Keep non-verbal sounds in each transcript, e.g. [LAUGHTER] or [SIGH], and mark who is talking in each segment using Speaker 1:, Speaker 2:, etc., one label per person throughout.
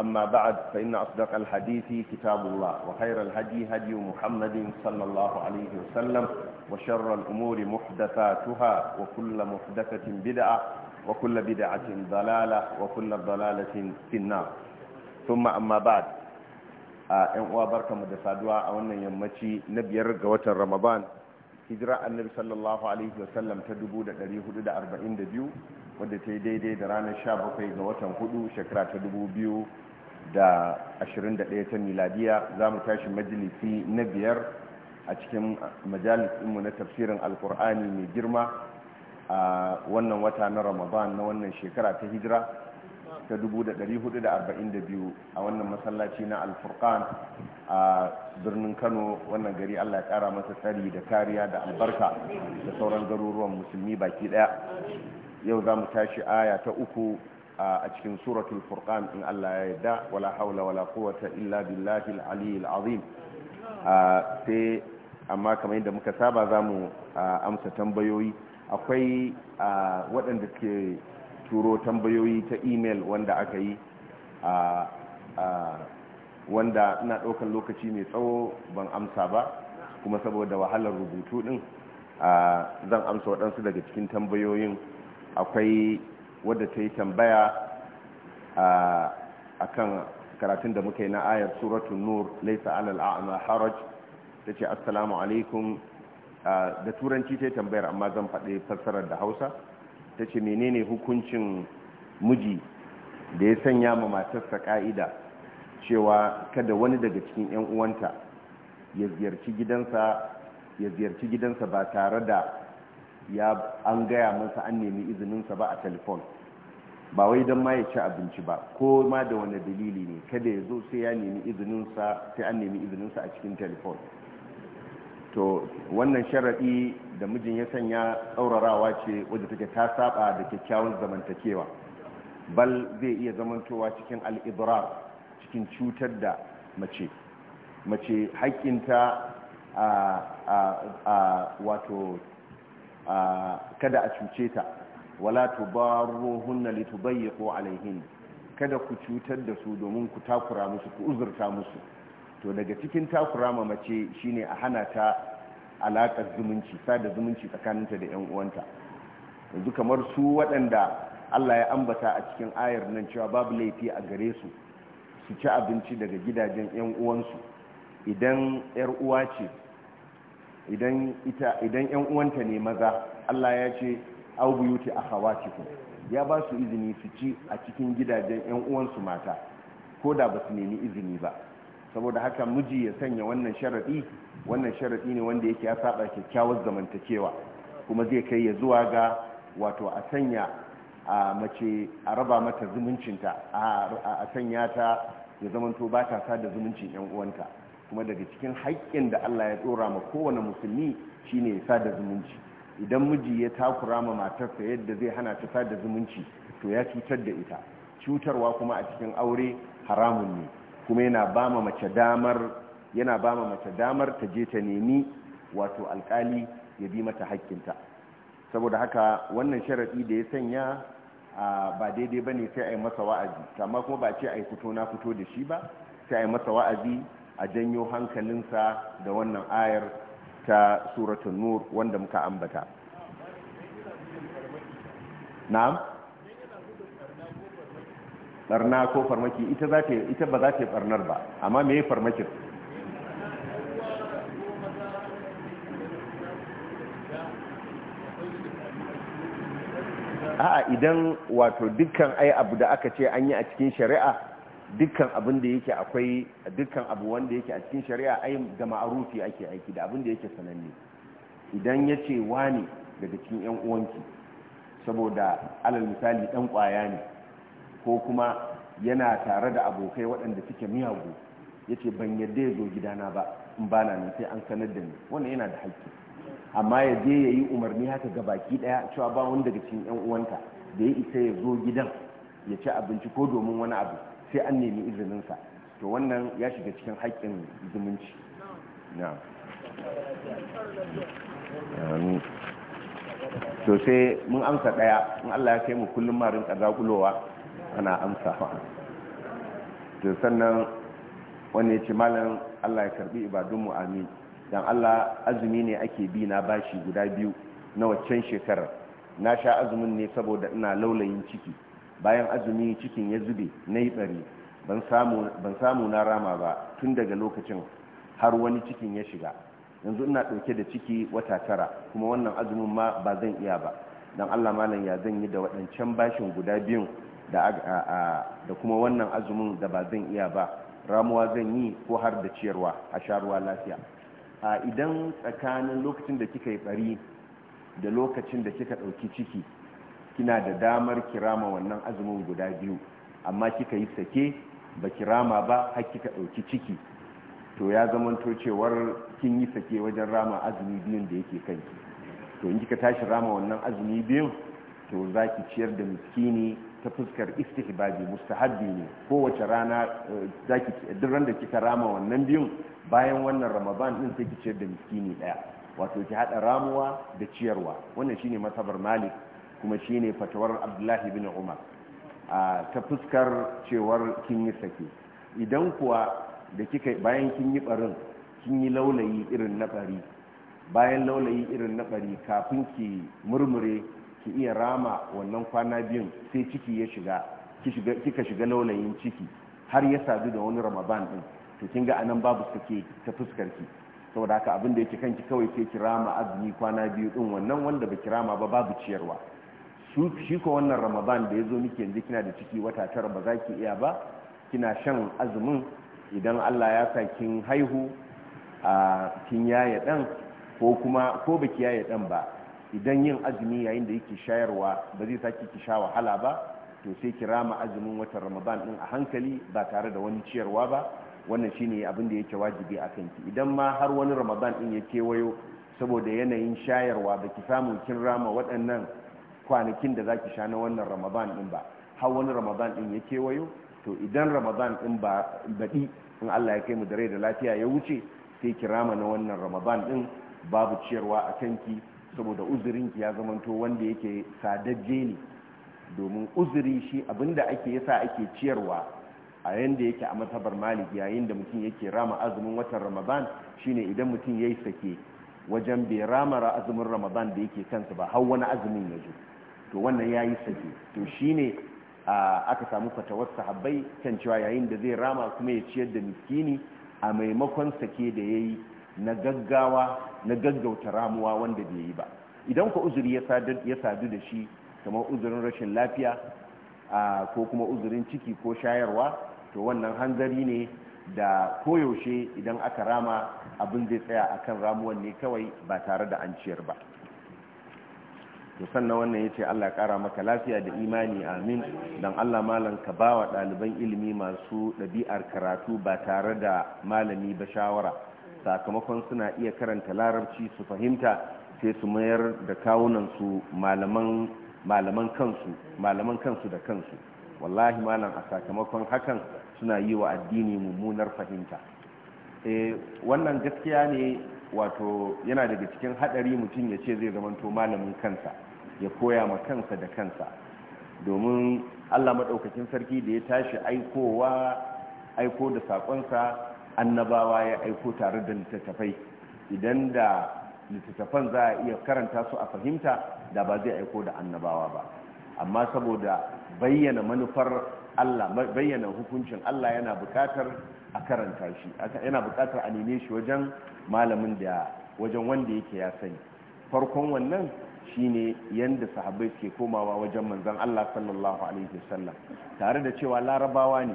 Speaker 1: أما بعد فإن أصدق الحديث كتاب الله وخير الهدي هدي محمد صلى الله عليه وسلم وشر الأمور محدثاتها وكل محدثة بدعة وكل بدعة ضلالة وكل ضلالة في النار ثم أما بعد ‘yan uwa barka mu da saduwa a wannan yammaci na biyar ga watan ramadan hijira annabi sallallahu alaihi wasallam ta wadda ta yi daidai da ranar 17 ga watan 4 shekara ta 2000 da 21 ta miladiya za mu tashi majalisi na biyar a cikin majalisinmu na tafsirin alkur'ani mai girma a wannan wata na ramadan na wannan shekara ta hijira ta 1442 a wannan masallaci na alfurkan a birnin kano wannan gari allah ya kara masa tsari da kariya da albarka da sauran garuruwan musulmi baki daya yau za mu tashi aya ta uku a cikin suratul furqan in Allah ya yarda wala haula wala quwwata illa billahi al-aliyyil azim sai amma kamar yadda muka saba zamu amsa tambayoyi akwai waɗanda ke turo tambayoyi ta email wanda aka yi wanda ina ɗaukar lokaci mai tsawo ban amsa ba kuma saboda wahalar rubutu ɗin zan amsa waɗansu daga cikin tambayoyin akwai wadda ta yi tambaya a kan karatun da muka yi na ayar suratun nur laisa alal a'ama haraj ta ce assalamu alaikum da turanci ta yi tambayar amma zan faɗi fassarar da hausa ta ce menene hukuncin muji da ya sanya ma matarsa ka'ida cewa kada wani daga cikin 'yan uwanta ya ziyarci gidansa ba tare da ya an gaya masa an nemi izininsa ba a telefon ba wai don ma ya ci abinci ba ko ma da wani dalili ne kada ya zo sai ya nemi izininsa sai an nemi izininsa a cikin telefon to wannan sharaɗi da mijin ya sanya tsaurarawa ce wadda take ta saba da kyakkyawan zamantakewa bal zai iya zamantowa cikin al'ibrar cikin cutar da mace mace haƙƙinta a wato kada a cuce ta wala tubarruhunna litubayyiqu alaihin kada ku cutar da su domin ku takura musu ku uzurta musu to daga cikin takura ma mace shine a hana ta alakar zumunci sada zumunci tsakaninta da yan uwanta yanzu kamar su waɗanda Allah ya ambata a cikin ayar nan cewa babu laifi a gare su su ci abinci daga gidajen yan uwansu idan yar uwa ce idan yan uwanta ne maza Allah ya ce a buyuti akhawatikum ya ba su izini su ci a cikin gidajen yan uwansu mata ko da ba su nemi izini ba saboda haka miji ya sanya wannan sharadi wannan sharadi ne wanda yake ya saba kyakkyawar zamantakewa kuma zai kai ya zuwa ga wato a sanya a mace a raba mata zumuncinta a sanya ta ya zamanto ba ta sada zumuncin yan uwanta kuma daga cikin haƙƙin da Allah ya tsora ma kowane musulmi shine ya sada zumunci idan miji ya takura ma matarsa yadda zai hana ta sada zumunci to ya cutar da ita cutarwa kuma a cikin aure haramun ne kuma yana ba ma mace damar yana ba ma mace damar ta je ta nemi wato alkali ya bi mata haƙƙinta saboda haka wannan sharaɗi da ya sanya ba daidai ba ne sai a yi masa wa'azi amma kuma ba ce a yi fito na fito da shi ba sai a yi masa wa'azi a janyo hankalinsa da wannan ayar ta suratun nur wanda muka ambata na'am barna ko farmaki ita za ba za ta yi barnar ba amma me farmakin a'a idan wato dukkan ai abu da aka ce an yi a cikin shari'a dukkan abin da yake akwai dukkan abu wanda yake a cikin shari'a ai da ma'arufi ake aiki da abin da yake sananne idan ya ce wani daga cikin yan uwanki saboda alal misali dan kwaya ne ko kuma yana tare da abokai waɗanda suke miyagu ya ce ban yadda ya zo gidana ba in ba na sai an sanar da ni wannan yana da haƙƙi amma ya je ya yi umarni haka ga baki ɗaya cewa ba wani daga cikin yan uwanka da ya isa ya zo gidan ya ci abinci ko domin wani abu sai an nemi izininsa to wannan ya shiga cikin haƙƙin zumunci na to sai mun amsa ɗaya in allah ya kai mu kullum marin ƙazagulowa ana amsawa to sannan wani ya ce malam allah ya karbi ibadunmu amin don allah azumi ne ake bi na bashi guda biyu na waccan shekarar na sha azumin ne saboda ina laulayin ciki bayan azumi cikin ya zube na yi bari ban samu na rama ba tun daga lokacin har wani cikin ya shiga yanzu ina ɗauke da ciki wata tara kuma wannan azumin ma ba zan iya ba don allah malam ya zan yi da waɗancan bashin guda biyun da kuma wannan azumin da ba zan iya ba ramuwa zan yi ko har da ciyarwa a sharuwa lafiya a idan tsakanin lokacin da kika yi bari da lokacin da kika ɗauki ciki kina da damar kirama wannan azumin guda biyu amma kika yi sake ba kirama ba har kika ɗauki ciki to ya to cewar kin yi sake wajen rama azumi biyun da yake kanki to in kika tashi rama wannan azumi biyun to za ki ciyar da miskini ta fuskar istihbabi mustahabbi ne kowace rana eh, za ki duk ran da kika rama wannan biyun bayan wannan ramadan din sai ki ciyar da miskini daya wato ki hada ramuwa da ciyarwa wannan shine masabar malik kuma shi ne fatawar abdullahi bin umar ta fuskar cewar kin yi sake idan kuwa da kika bayan kin yi barin kin yi laulayi irin na bari bayan laulayi irin na bari kafin ki murmure ki iya rama wannan kwana biyun sai ciki ya shiga kika shiga laulayin ciki har ya sadu da wani ramaban din to kin ga anan babu sake ta fuskar ki saboda haka abin da yake kanki kawai sai ki rama azumi kwana biyu din wannan wanda ba ki rama ba babu ciyarwa shi ko wannan ramadan da ya zo miki yanzu kina da ciki wata tara ba za ki iya ba kina shan azumin idan allah ya sa kin haihu a kin yaye dan ko kuma ko baki yaye dan ba idan yin azumi yayin da yake shayarwa ba zai saki ki sha wahala ba to sai ki rama azumin watan ramadan din a hankali ba tare da wani ciyarwa ba wannan shine abin da yake wajibi a kanki idan ma har wani ramadan din ya kewayo saboda yanayin shayarwa ba ki samu kin rama waɗannan kwanakin da zaki sha na wannan ramadan din ba har wani ramadan din ya kewayo to idan ramadan din ba baɗi in Allah ya kai mu da rai da lafiya ya wuce sai ki rama na wannan ramadan din babu ciyarwa a kanki saboda uzurin ki ya zamanto wanda yake sadajje ne domin uzuri shi abinda ake yasa ake ciyarwa a yanda yake a matabar maliki yayin da mutum yake rama azumin watan ramadan shine idan mutum yayi sake wajen bai rama azumin ramadan da yake kansa ba har wani azumin ya zo to wannan ya yayi sake to shi ne aka samu fatawar sahabbai kan cewa yayin da zai rama kuma ya ciyar da miskini a maimakon sake da ya yi na gaggawa na gaggauta ramuwa wanda bai yi ba idan ku uzuri ya sadu da shi kamar uzurin rashin lafiya ko kuma uzurin ciki ko shayarwa to wannan hanzari ne da koyaushe idan aka rama abin zai tsaya a kan ramuwan ne kawai ba tare da an ciyar ba to sannan wannan yace Allah kara maka lafiya da imani amin don Allah malam ka bawa ɗaliban ilimi masu ɗabi'ar karatu ba tare da malami ba shawara sakamakon suna iya karanta larabci su fahimta sai su mayar da kawunan su malaman kansu malaman kansu da kansu wallahi malam a sakamakon hakan suna yi wa addini mummunar fahimta eh wannan gaskiya ne wato yana daga cikin hadari mutum ya ce zai zamanto malamin kansa ya koya ma kansa da kansa domin allah maɗaukacin sarki da ya tashi aikowa aiko da saƙonsa annabawa ya aiko tare da littattafai idan da littattafan za a iya karanta su a fahimta da ba zai aiko da annabawa ba amma saboda bayyana manufar allah bayyana hukuncin allah yana bukatar a karanta shi yana bukatar a neme shi wajen malamin da wajen wanda yake ya sani farkon wannan shine yanda sahabbai suke komawa wajen manzon Allah sallallahu alaihi wasallam tare da cewa larabawa ne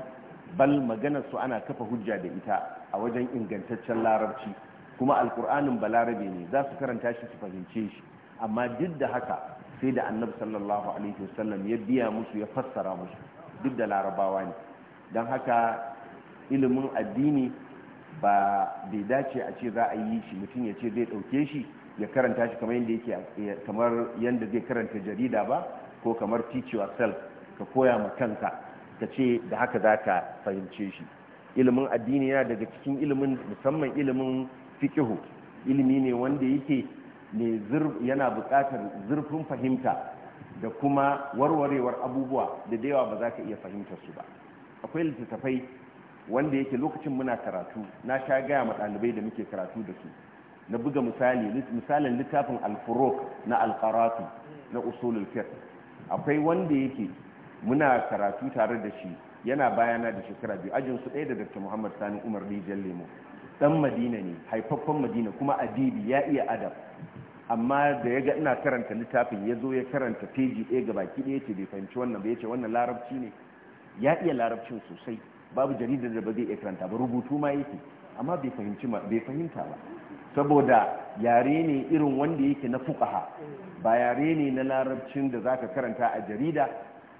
Speaker 1: bal maganar su ana kafa hujja da ita a wajen ingantaccen larabci kuma alkur'anin balarabe ne za su karanta shi su fahimce shi amma duk da haka sai da annabi sallallahu alaihi wasallam ya biya musu ya fassara musu duk da larabawa ne don haka ilimin addini ba bai dace a ce za a yi shi mutum ya ce zai ɗauke shi ya karanta shi kamar yadda yake kamar yadda zai karanta jarida ba ko kamar teach yourself ka koya ma kanka ka ce da haka za ka fahimce shi ilimin addini yana daga cikin ilimin musamman ilimin fikihu ilimi ne wanda yake ne yana buƙatar zurfin fahimta da kuma warwarewar abubuwa da da yawa ba za ka iya fahimtar su ba akwai littattafai wanda yake lokacin muna karatu na sha gaya ma ɗalibai da muke karatu da su na buga misali misalin littafin alfurok na alkaratu na usulul fiqh akwai wanda yake muna karatu tare da shi yana bayana da shekara biyu ajin su ɗaya da dr muhammad sani umar rijiyar lemo dan madina ne haifaffen madina kuma adibi ya iya adab amma da ya ga ina karanta littafin ya zo ya karanta peji ɗaya ga baki ɗaya ce bai fahimci wannan ba ya ce wannan larabci ne ya iya larabcin sosai babu jaridar da ba zai iya karanta ba rubutu ma yake amma bai fahimta ba saboda yare ne irin wanda yake na fukaha ba yare ne na larabcin da zaka karanta a jarida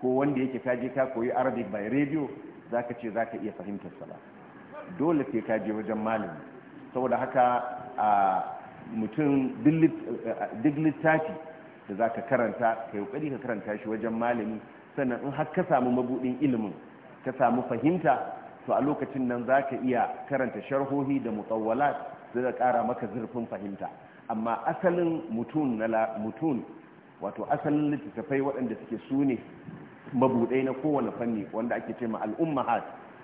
Speaker 1: ko wanda yake kaje ka koyi arabic by radio zaka ce zaka iya fahimtar ba dole sai kaje wajen malami saboda haka a mutum duk littafi da zaka karanta ka yi ka karanta shi wajen malami sannan in har ka samu mabudin ilimin ka samu fahimta to a lokacin nan zaka iya karanta sharhohi da mutawwalat zai kara maka zurfin fahimta amma asalin mutum na mutum wato asalin littattafai waɗanda suke su ne mabuɗai na kowane fanni wanda ake ce ma al'ummahat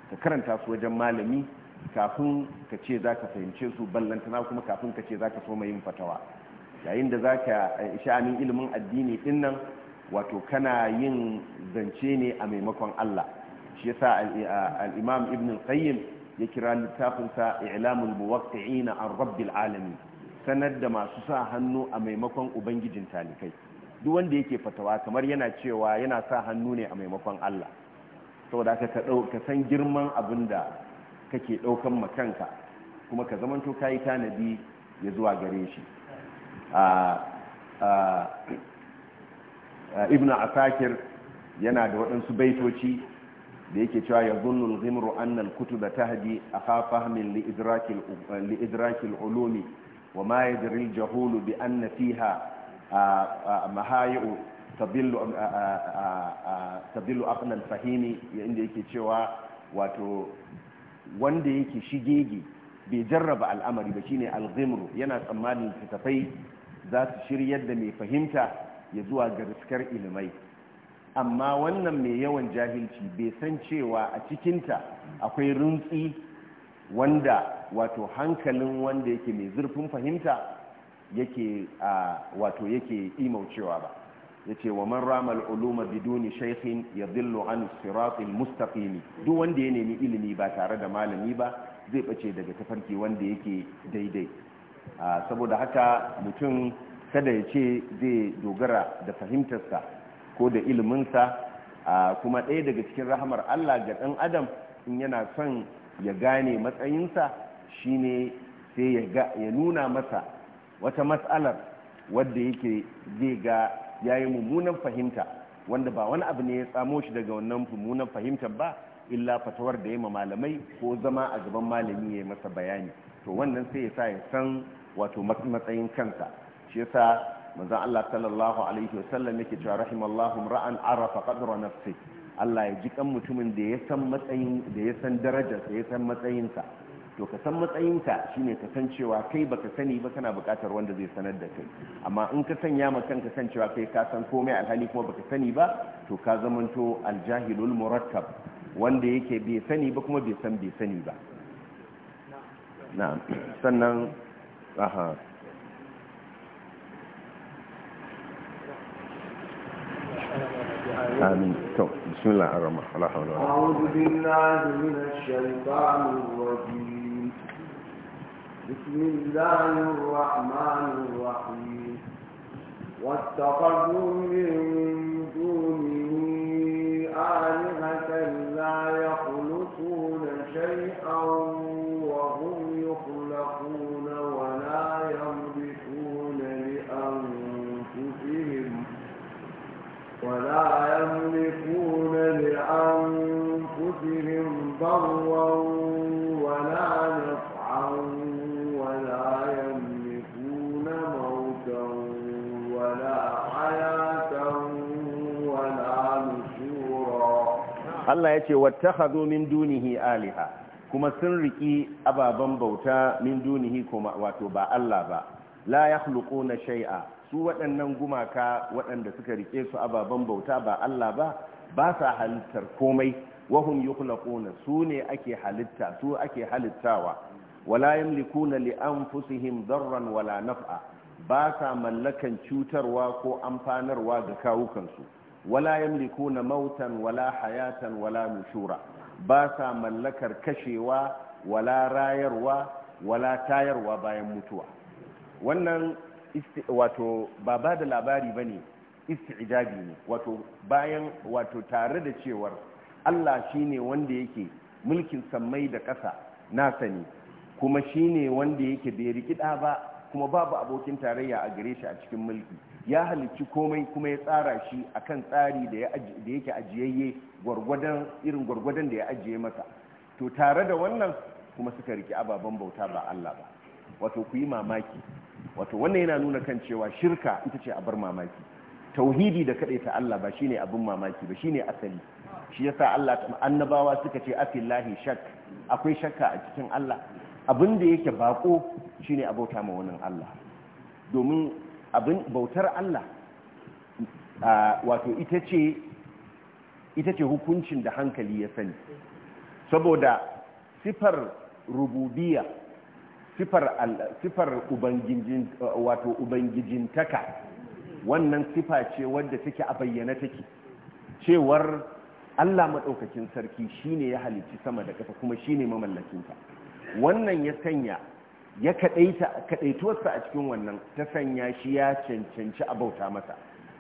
Speaker 1: ka karanta su wajen malami kafin ka ce za ka fahimce su ballantana kuma kafin ka ce za ka soma yin fatawa yayin da za ka sha'anin ilimin addini ɗin nan wato kana yin zance ne a maimakon allah shi yasa al-imam ibn al-qayyim ya kira littafinsa i'lamul muwaqqi'ina an rabbil alamin sanar da masu sa hannu a maimakon ubangijin talikai duk wanda yake fatawa kamar yana cewa yana sa hannu ne a maimakon Allah saboda ka ka ka san girman abin da kake daukan makanka kuma ka zamanto kai tanadi ya zuwa gare shi a ibnu asakir yana da waɗansu baitoci da yake cewa ya zunnu al-ghimru anna al-kutuba tahdi akha fahmin li idraki eh, al-ulumi wa ma yadri al-jahul bi anna fiha mahayu tadillu tadillu aqna al-fahimi inda yake cewa wato wanda yake shigege bai jarraba al'amari ba shine al-ghimru yana tsammanin fitafai za su shiryar da mai fahimta ya zuwa ga riskar ilimai amma wannan mai yawan jahilci bai san cewa a cikinta akwai runtsi wanda wato hankalin wanda yake mai zurfin fahimta yake a wato yake imaucewa ba ya ce wa man rama al-uluma biduni ya zillo an mustafi ne duk wanda ya nemi ilimi ba tare da malami ba zai bace daga tafarki wanda yake daidai saboda haka mutum kada ya ce zai dogara da fahimtarsa ko da iliminsa kuma ɗaya daga cikin rahamar Allah ga ɗan adam in yana son ya gane matsayinsa shine sai ya nuna masa wata matsalar wadda yake zai ga yayi mummunan fahimta wanda ba wani abu ne ya tsamo shi daga wannan mummunan fahimtar ba illa fatawar da ya ma malamai ko zama a gaban malami ya yi masa bayani to wannan sai ya sa ya san wato matsayin kansa shi yasa manzon Allah sallallahu alaihi wasallam yake cewa rahimallahu ra'an arafa qadra nafsi Allah ya ji kan mutumin da ya san matsayin da ya san darajar da ya san matsayinsa to ka san matsayinka shine ka san cewa kai baka sani ba kana buƙatar wanda zai sanar da kai amma in ka sanya ma kanka san cewa kai ka san komai alhali kuma baka sani ba to ka zamanto aljahilul murakkab wanda yake bai sani ba kuma bai san bai sani ba na'am sannan aha آمين طب بسم الله الرحمن الرحيم أعوذ
Speaker 2: بالله من الشيطان الرجيم بسم الله الرحمن الرحيم واتخذوا من دونه آلهة لا يخلقون شيئا
Speaker 1: Allah ya ce wattakhadhu min dunihi aliha kuma sun riki ababen bauta min dunihi kuma wato ba Allah ba la yakhluquna shai'a su waɗannan gumaka waɗanda suka riƙe su ababen bauta ba Allah ba ba sa halittar komai wahum yukhlaquna su ne ake halitta su ake halittawa wala yamlikuna li anfusihim darran wala naf'a ba sa mallakan cutarwa ko amfanarwa ga kawukansu wala yamlikuna mautan wala hayatan wala nushura ba sa mallakar kashewa wala rayarwa wala tayarwa bayan mutuwa wannan wato ba ba da labari bane isti'jabi ne wato bayan wato tare da cewar Allah shine wanda yake mulkin sammai da ƙasa nasa ne kuma shine wanda yake bai rikida ba kuma babu abokin tarayya a gare shi a cikin mulki ya halicci komai kuma ya tsara shi akan tsari da yake ajiyayye gwargwadon irin gwargwadon da ya ajiye masa to tare da wannan kuma suka riki ababen bauta ba Allah ba wato ku yi mamaki wato wannan yana nuna kan cewa shirka ita ce abar mamaki tauhidi da kaɗai ta Allah ba shine abin mamaki ba shine asali shi yasa Allah annabawa suka ce afillahi shak akwai shakka a cikin Allah abin da yake bako Shi ne abauta ma wani Allah domin abin bautar Allah wato ita ce hukuncin da hankali ya sani saboda sifar rububiya sifar wato ubangijintaka wannan sifa ce wadda take a bayyana take cewar Allah maɗaukakin sarki shine ya halicci sama da ƙasa kuma shine mamallakinta wannan ya sanya ya kaɗaituwarsa a cikin wannan ta sanya shi ya cancanci a bauta masa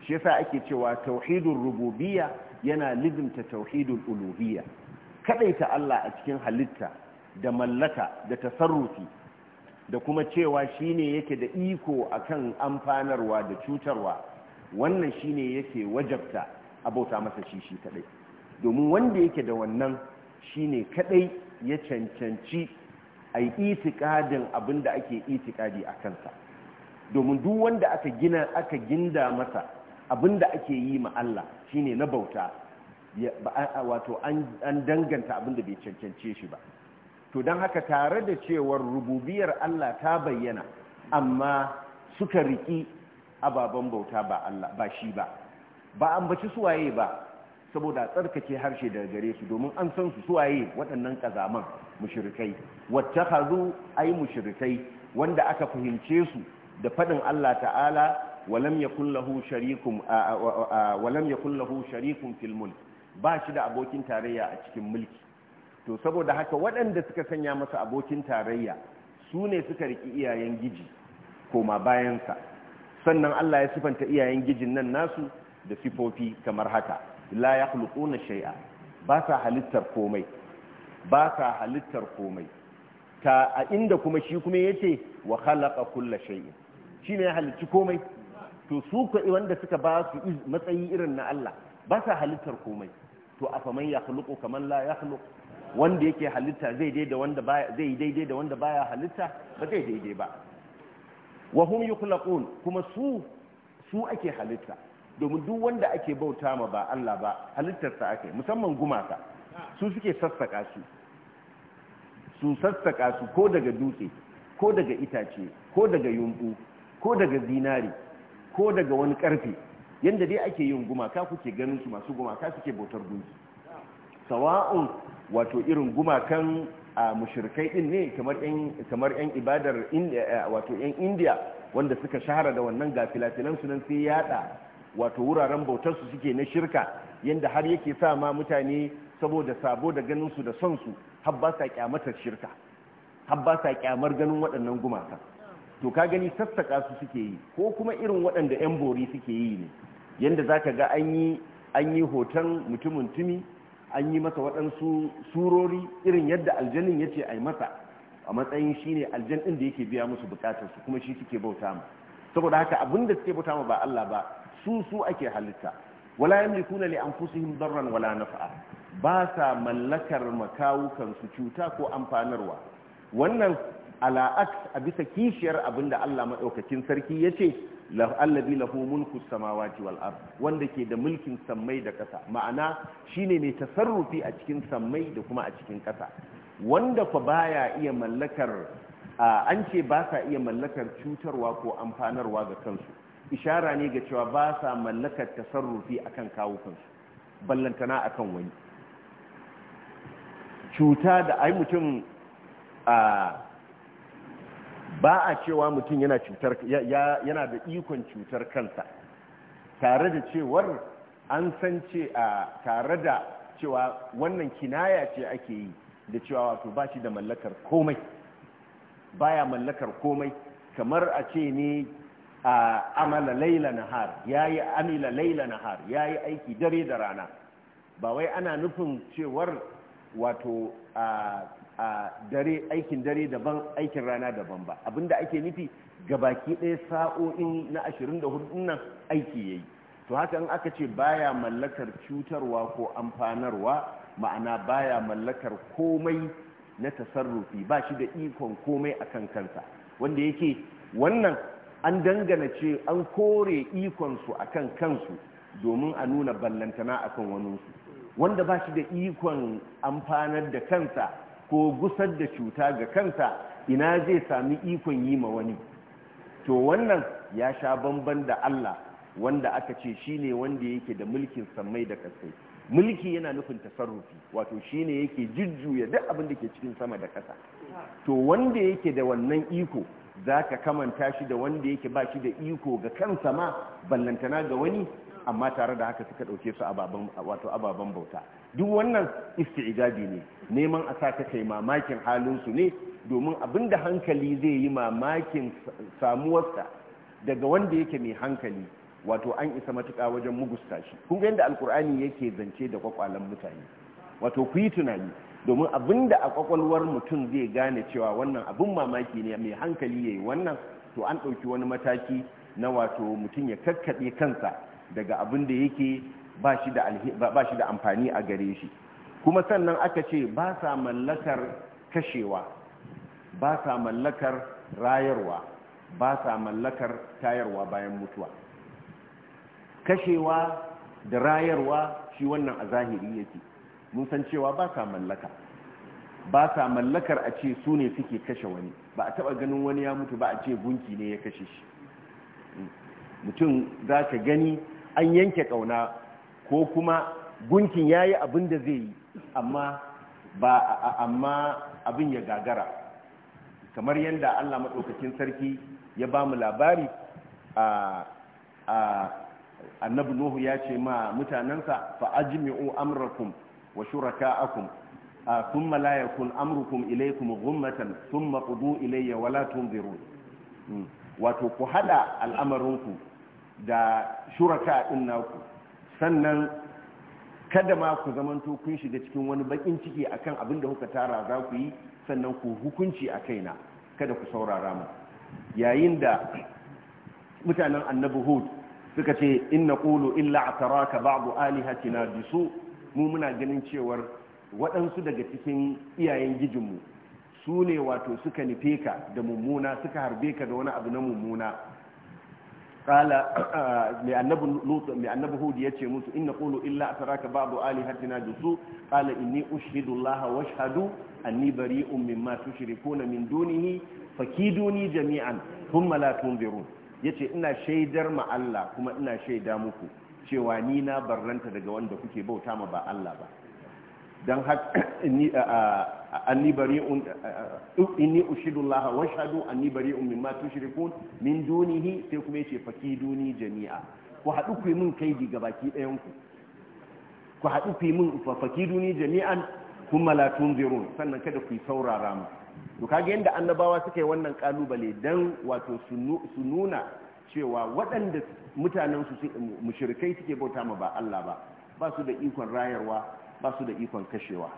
Speaker 1: shi yasa ake cewa tauhidun rububiya yana lizimta tauhidun uluhiyya kaɗaita Allah a cikin halitta da mallaka da tasarrufi da kuma cewa shine yake da iko akan amfanarwa da cutarwa wannan shine yake wajabta a bauta masa shi shi kaɗai domin wanda yake da wannan shine kaɗai ya cancanci a yi itikadin abin da ake itikadi a kansa domin duk wanda aka gina aka ginda masa abin da ake yi ma Allah shine na bauta wato an danganta abin da bai cancance shi ba to don haka tare da cewar rububiyar Allah ta bayyana amma suka riki ababen bauta ba Allah ba shi ba ba ambaci suwaye ba saboda tsarkake harshe da gare su domin an san su suwaye waɗannan ƙazaman kazaman mushrikai a yi mushrikai wanda aka fahimce su da faɗin Allah ta'ala walam ya lahu ba shi da abokin tarayya a cikin mulki to saboda haka waɗanda suka sanya masa abokin tarayya su ne suka riki iyayen giji koma bayansa sannan Allah ya sifanta iyayen gijin nan nasu da sifofi kamar haka la yakhluquna shay'a ba sa halittar komai ba halittar komai ta a inda kuma shi kuma ce wa khalaqa kulla shay'in ne ya halicci komai to su wanda suka ba su matsayi irin na Allah ba sa halittar komai to afaman yakhluqu kaman la yakhluq wanda yake halitta zai daidai da wanda baya zai daidai da wanda baya halitta ba zai daidai ba wa hum yukhlaqun kuma su su ake halitta domin duk wanda ake bauta ma ba Allah ba halittarsa ake musamman gumaka su suke sassaka su su sassaka su ko daga dutse ko daga itace ko daga yumbu ko daga zinari ko daga wani karfe yadda dai ake yin gumaka kuke ganin su masu gumaka suke bautar gunki sawa'un wato irin gumakan a mushirkai din ne kamar yan ibadar wato yan indiya wanda suka shahara da wannan gafilatilan su nan sai yada wato wuraren bautarsu suke na shirka yadda har yake sa ma mutane saboda sabo da ganinsu da son su har ba sa kyamatar shirka har sa kyamar ganin waɗannan gumaka to ka gani sassaƙa su suke yi ko kuma irin waɗanda yan bori suke yi ne yadda za ka ga an yi hoton mutumin tumi an yi masa waɗansu surori irin yadda aljanin ya ce a yi masa a matsayin shi ne aljan ɗin da yake biya musu bukatarsu kuma shi suke bauta ma saboda haka abin da suke bauta ma ba Allah ba su su ake halitta wala yamlikuna li anfusihim darran wala naf'a ba sa mallakar makawukan su cuta ko amfanarwa wannan ala aks a bisa kishiyar abinda Allah madaukakin sarki yace allazi lahu mulku samawati wal ard wanda ke da mulkin sammai da ƙasa ma'ana shine mai tasarrufi a cikin sammai da kuma a cikin ƙasa wanda fa baya iya mallakar an ce ba sa iya mallakar cutarwa ko amfanarwa ga kansu ishara ne ga cewa ba sa mallakar tasarrufi akan kawukansu ballantana akan wani cuta da ai mutum a ba a cewa mutum yana cutar yana da ikon cutar kansa tare da cewar an san ce a tare da cewa wannan kinaya ce ake yi da cewa wato ba shi da mallakar komai baya mallakar komai kamar a ce ne amala laila nahar yayi amila laila nahar yayi aiki dare da rana ba wai ana nufin cewar wato a dare aikin dare daban aikin rana daban ba abinda ake nufi ga baki ɗaya sa'o'in na 24 nan aiki yayi to haka in aka ce baya mallakar cutarwa ko amfanarwa ma'ana baya mallakar komai na tasarrufi ba shi da ikon komai akan kansa wanda yake wannan an dangana ce an kore ikonsu a kan kansu domin a nuna ballantana a kan waninsu wanda ba shi da ikon amfanar da kansa ko gusar da cuta ga kansa ina zai sami ikon yi ma wani to wannan ya sha bamban da Allah wanda aka ce shi ne wanda yake da mulkin sammai da kasai mulki yana nufin tasarrufi wato shi ne yake jujjuya duk abinda ke cikin sama da ƙasa to wanda yake da wannan iko za ka kamanta shi da wanda yake ba shi da iko ga kansa ma ballantana ga wani amma tare da haka suka ɗauke su wato ababen bauta duk wannan isti'jabi ne neman a sa kai mamakin halinsu ne domin abin da hankali zai yi mamakin samuwarsa daga wanda yake mai hankali wato an isa matuka wajen mugusta shi kun ga yadda alkur'ani yake zance da kwakwalen mutane wato ku yi tunani domin abinda a kwakwalwar mutum zai gane cewa wannan abin mamaki ne mai hankali ya yi wannan to an ɗauki wani mataki na wato mutum ya kakkaɓe kansa daga abin da yake ba shi da amfani a gare shi kuma sannan aka ce ba sa mallakar kashewa ba sa mallakar rayarwa ba sa mallakar tayarwa bayan mutuwa kashewa da rayarwa shi wannan a zahiri yake mun san cewa ba ka mallaka ba ka mallakar a ce su ne suke kashe wani ba a taba ganin wani ya mutu ba a ce gunki ne ya kashe shi mutum za ka gani an yanke kauna ko kuma gunkin ya yi abin da zai yi amma abin ya gagara kamar yadda allah maɗaukakin sarki ya ba mu labari a annabi nuhu ya ce ma mutanensa fa ajmi'u amrakum wa shuraka'akum thumma la yakun amrukum ilaykum ghummatan thumma qudu ilayya wa la tunzirun hmm. wato ku hada al'amarinku da shuraka din sannan kada ma ku zamanto kun shiga cikin wani bakin ciki akan abin da kuka tara za ku yi sannan ku hukunci a kaina kada ku saurara mu yayin da mutanen annabi hud suka ce inna qulu illa ataraka ba'du alihatina bisu mu muna ganin cewar waɗansu daga cikin iyayen gijinmu su ne wato suka nufe ka da mumuna suka harbe ka da wani abu na mummuna kala [CLEARS THROAT] mai annabi hudu ya ce musu inna qulu illa ataraka ba'du alihatina dusu Kala inni ushhidu allaha washhadu anni bari'un mimma tushrikuna min dunihi fakiduni jami'an thumma la tunzirun yace ina shaidar ma Allah kuma ina shaida muku cewa ni na barranta daga wanda kuke bauta ma ba Allah ba Dan [COUGHS] inni anni bari'un inni ushidu Allah wa shahadu anni bari'un mimma tushrikun min dunihi sai kuma yace fakiduni jami'a ku hadu ku min kaidi gabaki ɗayan ku ku hadu ku min fakiduni jami'an kuma la tunzirun sannan kada ku saurara mu to kage yanda annabawa suka yi wannan kalubale dan wato su nuna cewa waɗanda mutanen su mushrikai suke bauta ma ba Allah ba ba su da ikon rayarwa ba su da ikon kashewa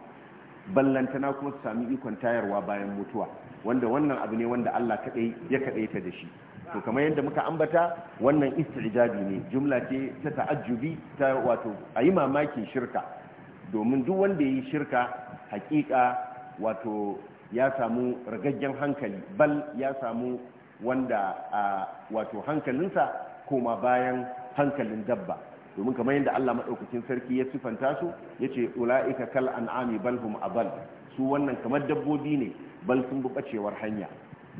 Speaker 1: ballantana kuma su sami ikon tayarwa bayan mutuwa wanda wannan abu ne wanda Allah kadai ya kadai ta da shi to kamar yadda muka ambata wannan istijabi ne jumla ce ta ta'ajjubi ta wato a yi mamakin shirka domin duk wanda yayi shirka hakika wato ya samu ragaggen hankali bal ya samu wanda wato hankalinsa koma bayan hankalin dabba domin kamar yadda Allah maɗaukakin sarki ya sifanta su ya ce ula'ika kal an'ami balhum abal su wannan kamar dabbobi ne bal sun hanya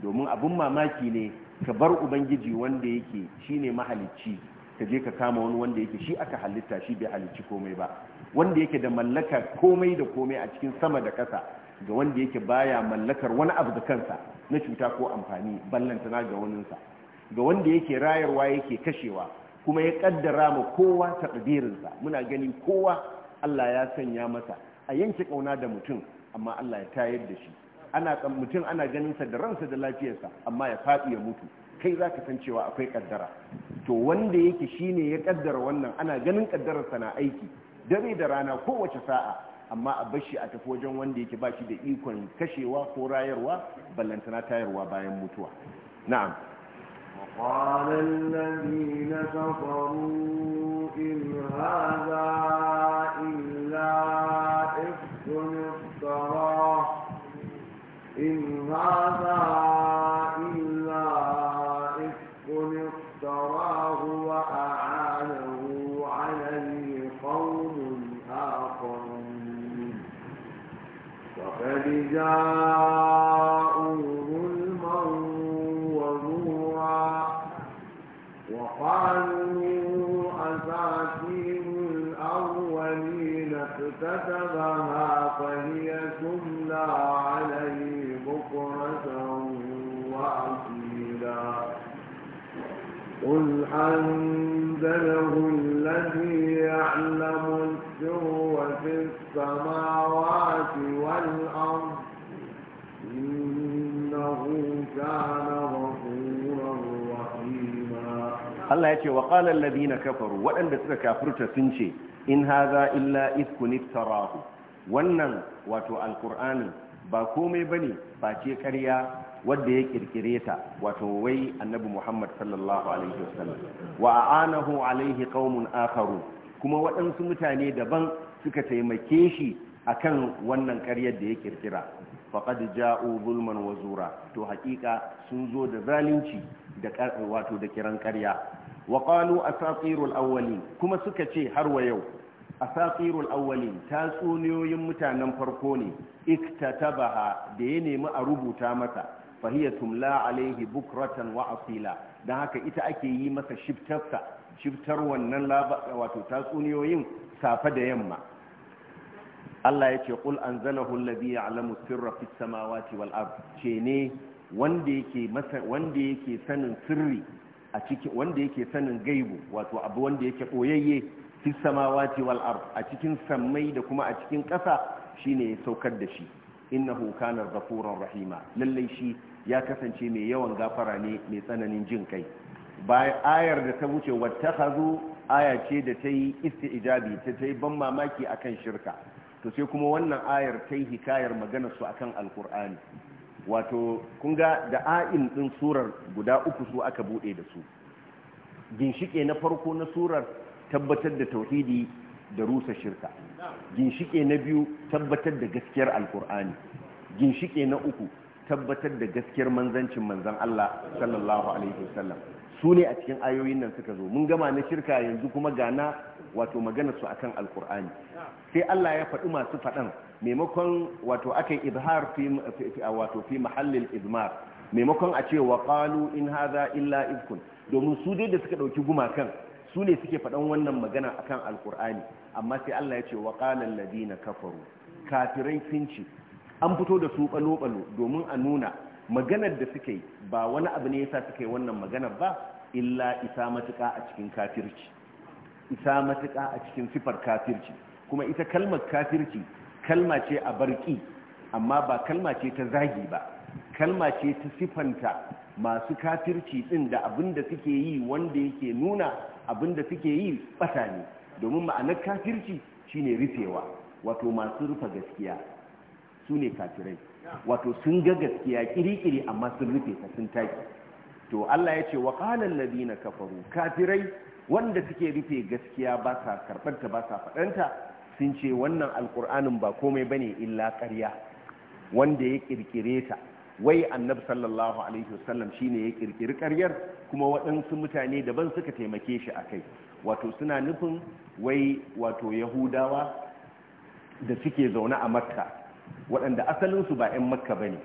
Speaker 1: domin abun mamaki ne ka bar ubangiji wanda yake shine mahalicci ka je ka kama wani wanda yake shi aka halitta shi bai halicci komai ba wanda yake da mallaka komai da komai a cikin sama da ƙasa ga wanda yake baya mallakar wani abu da kansa na cuta ko amfani ballantana ga waninsa ga wanda yake rayarwa yake kashewa kuma ya kaddara ma kowa takdirinsa muna gani kowa Allah ya sanya masa a yanke ƙauna da mutum amma Allah ya tayar da shi mutum ana ganin sa da ransa da lafiyarsa amma ya faɗi ya mutu kai zaka san cewa akwai ƙaddara. to wanda yake shine ya ƙaddara wannan ana ganin ƙaddararsa na aiki dare da rana kowace sa'a amma a bashi a tafi wajen wanda yake ba shi da ikon kashewa ko rayarwa ballantana tayarwa bayan mutuwa na'am
Speaker 2: وقال الذين كفروا إن هذا إلا إفك افتراه إن هذا جاءوه ظلما وزورا وقالوا الأولين فهي تملى عليه قل أنزله الذي يعلم السر في السماوات
Speaker 1: Allah ya ce wa qala alladhina kafaru waɗanda suka kafirta sun ce in hadha illa ifkun iftarahu wannan wato alqur'ani ba komai bane face ƙarya wadda ya kirkire ta wato wai annabi Muhammad sallallahu alaihi wasallam wa aanahu alaihi qaumun akharu kuma waɗansu mutane daban suka taimake shi akan wannan ƙaryar da ya kirkira faqad ja'u zulman wa zura to haƙiƙa sun zo da zalunci da wato da kiran ƙarya wa qalu asatirul awwalin kuma suka ce har wa yau asatirul awwalin tatsuniyoyin mutanen farko ne iktatabaha da ya nemi a rubuta masa fahiya tumla alaihi bukratan wa asila haka ita ake yi masa shiftarsa shiftar wannan wato tatsuniyoyin safa da yamma Allah ya ce qul anzalahu alladhi ya'lamu sirra fis samawati wal ard ce ne wanda wanda yake sanin sirri a ciki wanda yake sanin gaibu wato abu wanda yake ɓoyayye fi samawati wal ard a cikin sammai da kuma a cikin ƙasa shine ya saukar da shi innahu kana ghafuran rahima lalle shi ya kasance mai yawan gafara ne mai tsananin jin kai bayan ayar da ta wuce wattakhadhu aya ce da ta yi isti'jabi ta ta yi ban mamaki akan shirka to sai kuma wannan ayar ta yi hikayar maganar su akan alkur'ani wato kun ga da a'in din surar guda uku su aka bude da su ginshike na farko na surar tabbatar da tauhidi da rusa shirka ginshike na biyu tabbatar da gaskiyar alkur'ani ginshike na uku tabbatar da gaskiyar manzancin manzan Allah sallallahu alaihi wasallam su ne a cikin ayoyin nan suka zo mun gama na shirka yanzu kuma gana wato magana su akan alkur'ani sai Allah ya faɗi masu faɗan maimakon wato aka yi izhar wato fi mahallin izmar maimakon a ce wa qalu in haza illa ibkun. domin su dai da suka ɗauki gumakan su ne suke faɗan wannan magana akan alkur'ani amma sai Allah ya ce wa qala alladhina kafaru kafirai sun ci. an fito da su balo-balo domin a nuna maganar da suke ba wani abu ne yasa suka wannan magana ba illa isa matuƙa a cikin kafirci isa matuƙa a cikin sifar kafirci kuma ita kalmar kafirci kalma ce a barki amma ba kalma ce ta zagi ba kalma ce ta sifanta masu kafirci din da abin da suke yi wanda yake nuna abin da suke yi bata ne domin ma'anar kafirci shine rufewa wato masu rufe gaskiya su ne kafirai wato sun ga gaskiya kiri-kiri amma sun rufe ta sun taki to Allah ya ce wa qala na kafaru kafirai wanda suke rufe gaskiya ba sa karɓarta ba sa faɗanta sun ce wannan alkur'anin ba komai bane illa ƙarya wanda ya ƙirƙire ta wai annabi sallallahu alaihi wasallam ne ya ƙirƙiri ƙaryar kuma waɗansu mutane daban suka taimake shi a kai wato suna nufin wai wato yahudawa da suke zaune a makka waɗanda asalinsu ba 'yan makka ba ne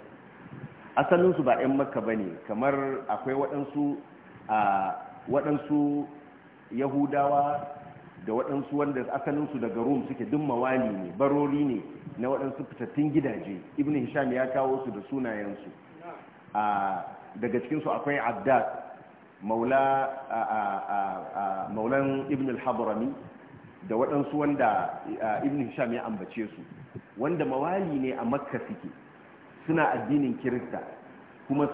Speaker 1: asalinsu ba 'yan makka ba ne kamar akwai waɗansu yahudawa da waɗansu wanda asalinsu daga rum suke duk mawali ne barori ne na waɗansu fitattun gidaje ibn hisham ya kawo su da sunayensu daga cikinsu akwai abdad maulan ibn al habrami da waɗansu wanda ibn hisham ya ambace su wanda mawali ne a makka suke suna addinin kirista kuma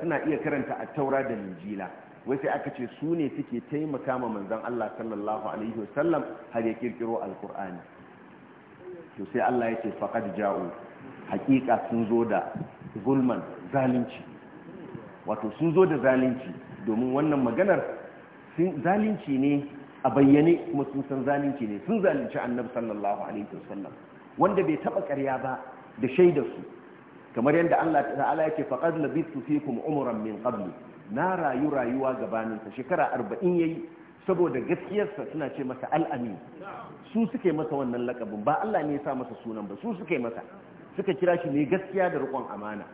Speaker 1: suna iya karanta a taura da linjila wai sai aka ce su ne suke taimaka ma Manzan Allah sallallahu alaihi wasallam har ya kirkiro alkur'ani to sai Allah ya ce faqad ja'u hakika sun zo da gulman zalunci wato sun zo da zalunci domin wannan maganar zalunci ne a bayyane kuma sun san zalunci ne sun zalunci annabi sallallahu alaihi wasallam wanda bai taba ƙarya ba da shaidarsu kamar yadda Allah ta'ala yake faqad labistu fikum umran min qabli na rayu rayuwa ta shekara arba'in ya yi saboda gaskiyarsa suna ce masa al'ami su suke masa wannan lakabin ba Allah ne ya sa masa sunan ba su suke masa suka kira shi ne gaskiya da riƙon amana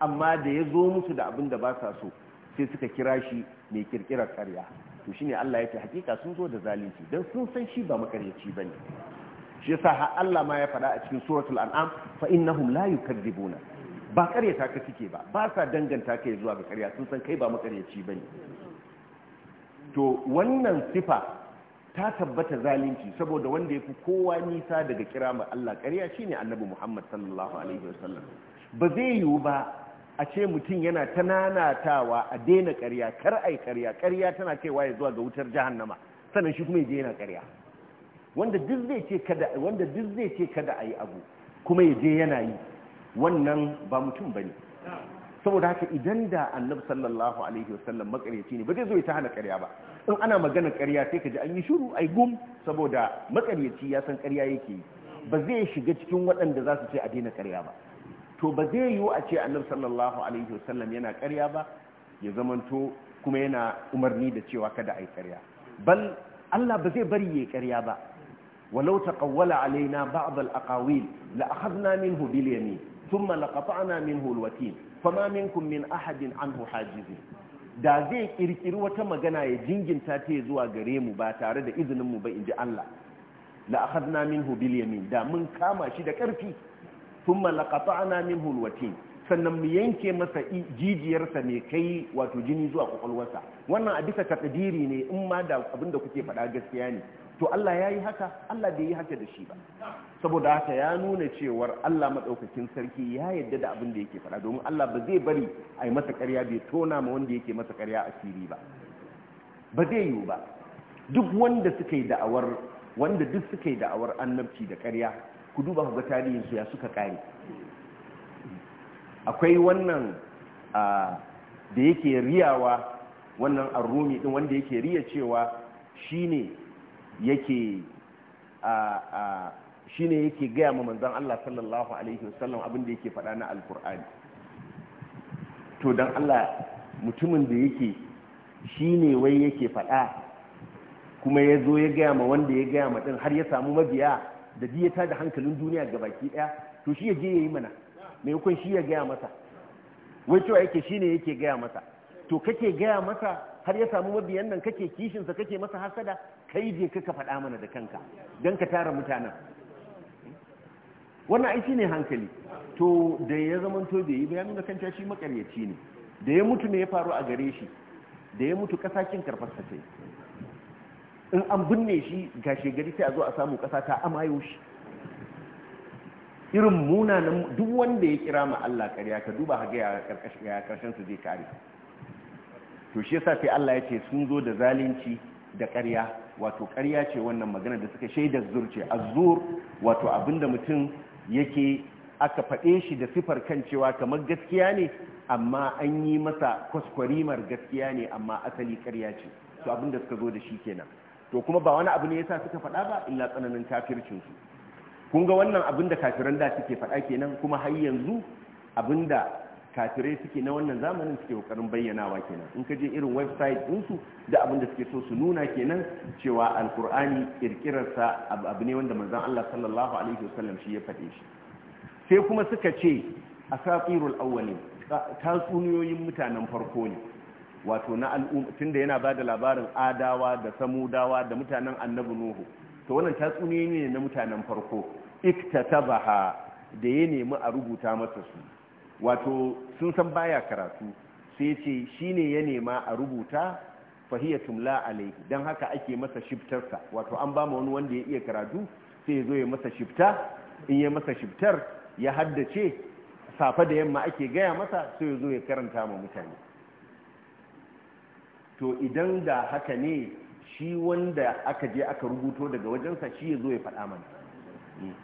Speaker 1: amma da ya zo musu da abin da ba sa so sai suka kira shi mai kirkirar karya to shi ne Allah ya ce hakika sun zo da zalunci don sun san shi ba makaryaci ba ne shi ya yasa Allah ma ya faɗa a cikin suratul an'am fa innahum la yukadzibuna ba karyata ka suke ba ba sa danganta ka zuwa ga karya sun san kai ba makaryaci ba ne to wannan sifa ta tabbata zalunci saboda wanda ya fi kowa nisa daga kira ma Allah karya shine annabi Muhammad sallallahu alaihi wasallam ba zai yiwu ba a ce mutum yana ta nanatawa a daina ƙarya kar ai ƙarya ƙarya tana kaiwa ya zuwa ga wutar jahannama sannan shi kuma ya daina ƙarya wanda duk zai ce kada wanda duk zai ce kada ayi abu kuma ya je yana yi wannan ba mutum bane saboda haka idan da annabi sallallahu alaihi wasallam makaryaci ne ba zai zo ya ta hana karya ba in ana magana karya sai ka ji an yi shiru ai gum saboda makaryaci ya san karya yake yi ba zai shiga cikin waɗanda za su ce a daina karya ba to ba zai yiwu a ce annabi sallallahu alaihi wasallam yana karya ba ya zamanto kuma yana umarni da cewa kada a yi karya bal Allah ba zai bari ya karya ba walau taqawwala alaina ba'd al-aqawil la akhadna minhu bil yamin thumma laqata'na minhu alwatin fama minkum min ahadin anhu hajizin da zai kirkiri wata magana ya jinginta ta zuwa gare mu ba tare da izinin mu ba inji Allah la akhadna minhu bil yamin da mun kama shi da karfi thumma laqata'na minhu alwatin sannan mu yanke masa jijiyarsa mai kai wato jini zuwa kwakwalwarsa wannan a bisa takdiri ne in ma da abinda kuke faɗa gaskiya ne to Allah ya yi haka Allah bai yi haka da shi ba saboda haka ya nuna cewar Allah maɗaukakin sarki ya yadda da abin da yake faɗa domin Allah ba zai bari a yi masa ƙarya bai tona ma wanda yake masa ƙarya a asiri ba ba zai yiwu ba duk wanda suka yi da'awar wanda duk suka yi da'awar annabci da ƙarya ku duba ku ga tarihin ya suka kare akwai wannan da yake riyawa wannan arrumi din wanda yake riya cewa shine yake shine yake gaya ma manzon Allah sallallahu alaihi wasallam abin da yake faɗa na alkur'ani to dan Allah mutumin da yake shine wai yake faɗa kuma ya zo ya gaya ma wanda ya gaya ma din har ya samu mabiya da ta da hankalin duniya gabaki baki ɗaya to shi ya je ya yi mana maimakon shi ya gaya masa wai cewa yake shine yake gaya masa to kake gaya masa har ya samu mabiyan nan kake kishinsa kake masa hasada kai je ka faɗa mana da kanka don ka tara mutanen wannan aiki ne hankali to da ya zamanto da yi bayanin da kanta shi makaryaci ne da ya mutu ne ya faru a gare shi da ya mutu kasakin karfarsa ce. in an binne shi ga gari sai a zo a samu kasa ta amayo shi irin munanan duk wanda ya kira ma Allah ƙarya ka duba haka ya karshen su zai kare to shi yasa sai Allah ya ce sun zo da zalunci da ƙarya wato ƙarya ce wannan magana da suka shaida zurce azzur wato abinda mutum yake aka faɗe shi da sifar kan cewa kamar gaskiya ne amma an yi masa kwaskwarimar gaskiya ne amma asali ƙarya ce to abinda suka zo da shi kenan to kuma ba wani abu ne yasa suka faɗa ba illa tsananin kafircin su kun ga wannan abinda kafiran da suke faɗa kenan kuma har yanzu abinda kafirai suke na wannan zamanin suke kokarin bayyanawa kenan in ka je irin website ɗinsu da abin da suke so su nuna kenan cewa alkur'ani kirkirarsa abu ne wanda manzon Allah sallallahu alaihi wasallam shi ya faɗe shi sai kuma suka ce asatirul awwalin tatsuniyoyin mutanen farko ne wato na al'umma tunda yana bada labarin adawa da samudawa da mutanen annabi nuhu to wannan tatsuniyoyi ne na mutanen farko iktatabaha da ya nemi a rubuta masa su wato sun san baya karatu sai ce shi ne ya nema a rubuta fahiyya tumla don haka ake masa shiftarsa wato an ba ma wani wanda ya iya karatu sai ya zo ya masa shifta in ya masa shiftar ya haddace safa da yamma ake gaya masa sai ya zo ya karanta ma mutane to idan da haka ne shi wanda aka je aka rubuto daga wajensa shi ya zo ya faɗa mana hmm.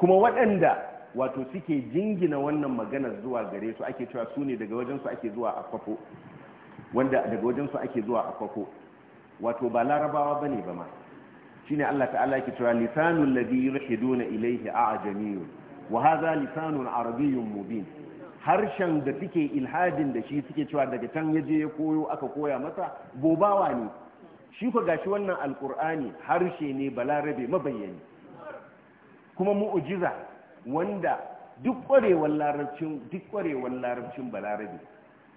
Speaker 1: kuma waɗanda wato suke jingina wannan maganar zuwa gare su ake cewa su ne daga wajensu ake zuwa a kwafo wanda daga wajensu ake zuwa a wato ba larabawa ba ne ba ma shi ne allah ta'ala yake cewa lisanun ladhi yulhiduna a a'jamiyun wa hadha lisanun arabiyyun mubin harshen da suke ilhadin da shi suke cewa daga can yaje ya koyo aka koya masa bobawa ne shi ko gashi wannan alqur'ani harshe ne balarabe mabayyani kuma mu'jiza wanda duk ƙwarewar larabcin duk ƙwarewar larabcin balarabe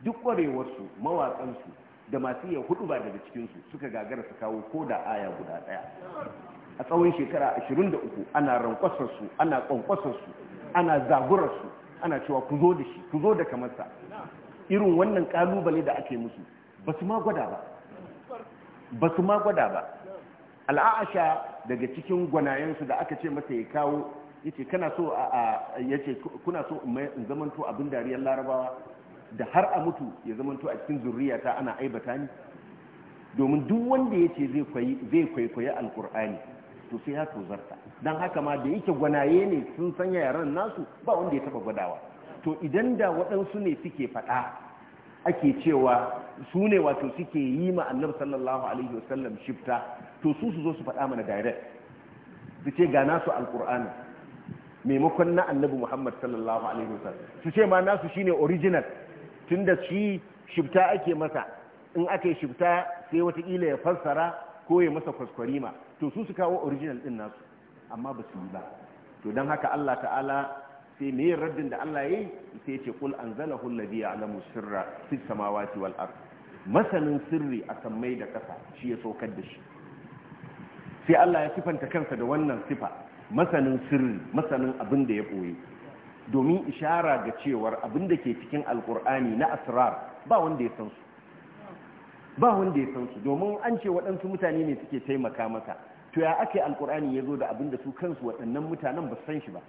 Speaker 1: duk kwarewarsu mawaƙansu da masu iya hudu ba daga cikinsu suka gagara su kawo ko da aya guda ɗaya a tsawon shekara 23 ana su ana su ana zagurarsu ana cewa ku zo da shi ku zo da kamarsa irin wannan kalubale da ake musu ba su ma gwada ba ba ma gwada ba al'asha daga cikin gwanayensu da aka ce masa ya kawo yace kana so a yace kuna so in zamanto abin dariyar larabawa da har a mutu ya zamanto a cikin zurriyata ana aibata ni domin duk wanda yace zai kwai zai kwaikwayi alqur'ani to sai ya tozarta dan haka ma da yake gwanaye ne sun sanya yaran nasu ba wanda ya taba gwadawa to idan da waɗansu ne suke faɗa ake cewa su ne wato suke yi ma annabi sallallahu alaihi wasallam shifta to su su zo su faɗa mana direct su ce ga nasu alqur'ani maimakon na annabi muhammad sallallahu alaihi wasallam su ce ma nasu shine original tunda shi shibta ake masa in aka yi shibta sai watakila ya fassara ko ya masa kwaskwarima to su su kawo original din nasu amma ba su yi ba to don haka allah ta'ala sai mai yin raddin da allah ya yi sai ce kul anzalahu alladhi alamu sirra fis samawati wal ard masanin sirri a sammai da kasa shi ya saukar da shi sai allah ya sifanta kansa da wannan sifa masanin sirri masanin abin da ya koyi domin ishara ga cewar abin da ke cikin alkur'ani na asirar ba wanda ya san su ba wanda ya san su domin an ce waɗansu mutane ne suke taimaka maka to ya ake alkur'ani ya zo da abin da su kansu waɗannan mutanen ba su san shi ba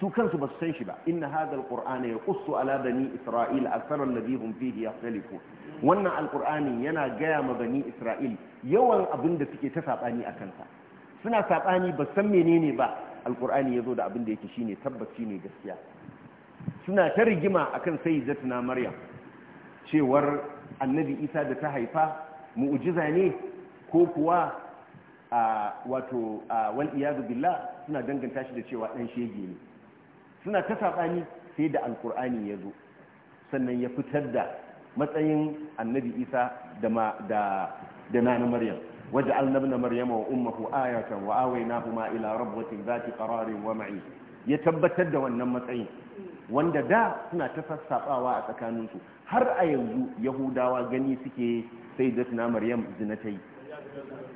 Speaker 1: su kansu ba su san shi ba inna hadha alqur'ana yaqussu ala bani isra'il akthara alladhi hum fihi salifu, wannan alqur'ani yana gaya ma bani isra'il yawan abin da suke ta saɓani a sa suna saɓani ba san menene ba Alƙur'ani ya zo da abin da yake shine tabbaci ne gaskiya suna ta rigima akan sai na maryam cewar annabi isa da ta haifa mu'ujiza ne ko kuwa a wato wal iyazu billah suna danganta shi da cewa ɗan shege ne suna ta saɓani sai da Alƙur'ani ya zo sannan ya fitar da matsayin annabi isa da na da maryam waj'alna ibna Maryam wa ummuhu ayatan wa awaynahuma ila rabwatin zati qararin ya tabbatar da wannan matsayin wanda da suna ta sassabawa a tsakaninsu har a yanzu yahudawa gani suke sai da suna maryam zina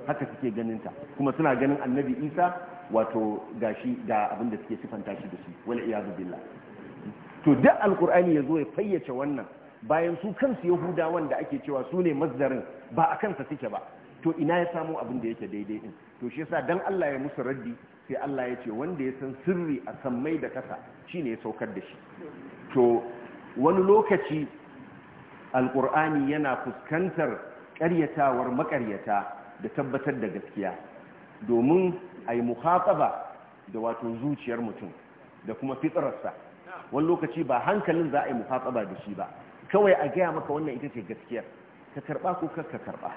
Speaker 1: haka suke ganinta kuma suna ganin annabi isa wato gashi da abin da suke sifanta shi da shi wani iyadu billah to duk alkur'ani ya zo ya fayyace wannan bayan su kansu yahudawan da ake cewa su ne mazdarin ba a kansa suke ba to ina ya samu abin da yake daidai din to shi yasa dan Allah ya musu raddi sai Allah ya ce wanda ya san sirri a sammai da kasa shine ya saukar da shi to wani lokaci alqur'ani yana fuskantar ƙaryatawar makaryata da tabbatar da gaskiya domin ai muhataba da wato zuciyar mutum da kuma fitrarsa wani lokaci ba hankalin za a yi muhataba da shi ba kawai a gaya maka wannan ita ce gaskiyar ka karba ko ka karba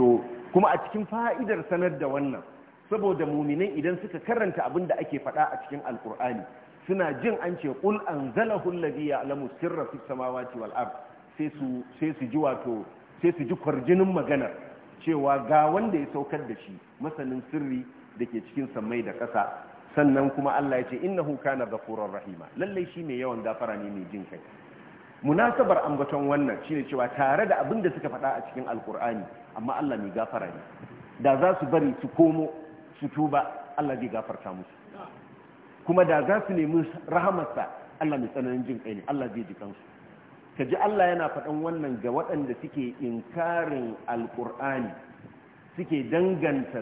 Speaker 1: to kuma a cikin fa'idar sanar da wannan saboda muminai idan suka karanta abin da ake faɗa a cikin alkur'ani suna jin an ce ƙul an zala hullabi ya alamu sirra fi wal'ar sai su ji wato sai su ji kwarjinin maganar cewa ga wanda ya saukar da shi masanin sirri da ke cikin sammai da ƙasa sannan kuma Allah ya ce innahu kana ghafurur rahima lallai shi ne yawan gafara ne mai jin kai munasabar ambaton wannan shine cewa tare da abin da suka faɗa a cikin alkur'ani amma Allah mai gafara ne da za su bari su komo su tuba Allah zai gafarta musu kuma da za su nemi rahamarsa Allah mai tsananin jin kai ne Allah zai ji kansu ka ji Allah yana faɗan wannan ga waɗanda suke inkarin alƙur'ani suke danganta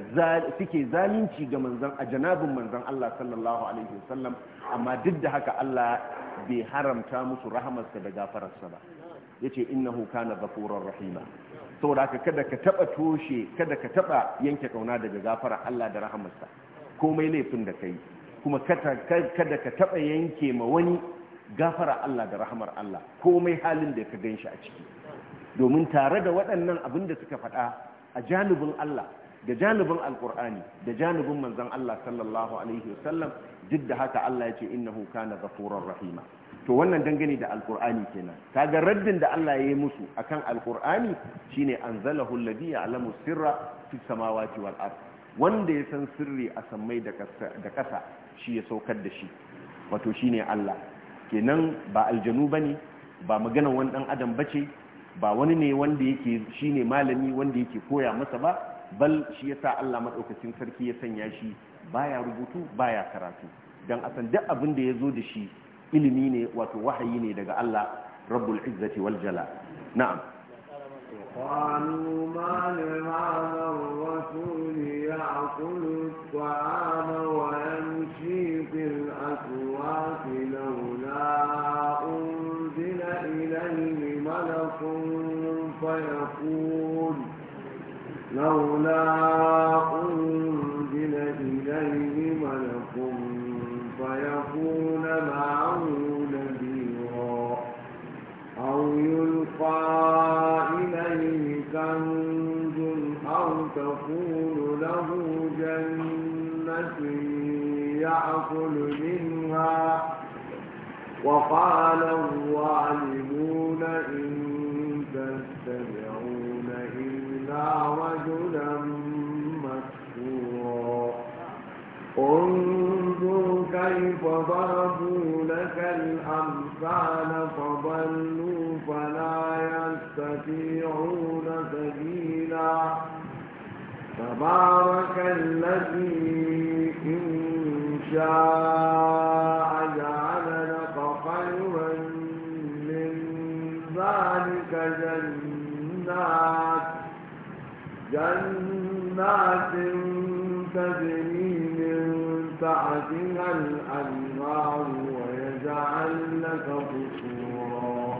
Speaker 1: suke zalunci ga manzan a janabin manzan Allah sallallahu alaihi wasallam amma duk da haka Allah bai haramta musu rahamarsa da gafararsa ba yace innahu kana ghafurur rahima saboda haka kada ka taba toshe kada ka taba yanke kauna daga gafara Allah da rahamarsa komai laifin da kai kuma kada ka taba yanke ma wani gafara Allah da rahamar Allah komai halin da ka ganshi a ciki domin tare da waɗannan abin da suka faɗa a janibin Allah da janibin alkur'ani da janibin manzon Allah sallallahu alaihi wasallam duk da haka Allah ya ce innahu kana ghafurur rahima to wannan dangane da alkur'ani kenan kaga raddin da Allah ya yi musu akan alkur'ani shine anzalahu alladhi ya'lamu sirra fis samawati wal ard wanda ya san sirri a samai da ƙasa shi ya saukar da shi wato shine Allah kenan ba aljanu bane ba maganan wani dan adam bace ba wani ne wanda yake shine malami wanda yake koya masa ba bal shi yasa Allah madaukakin sarki ya sanya shi baya rubutu baya karatu dan asan duk abin da ya zo da shi ilimi ne wato wahayi ne daga Allah rabbul izzati wal jala na'am
Speaker 2: قالوا ما لهذا الرسول يأكل الطعام ويمشي في الأسواق لولا أنزل إليه ملك فيقول لولا تقول له جنة يأكل منها وقال الظالمون إن تتبعون إلا رجلا مسكورا انظر كيف ضربوا لك الأمثال فضلوا فلا يستطيعون تبارك الذي إن شاء جعل لك خيرا من ذلك جنات جنات تجري من تحتها الأنهار ويجعل لك قصورا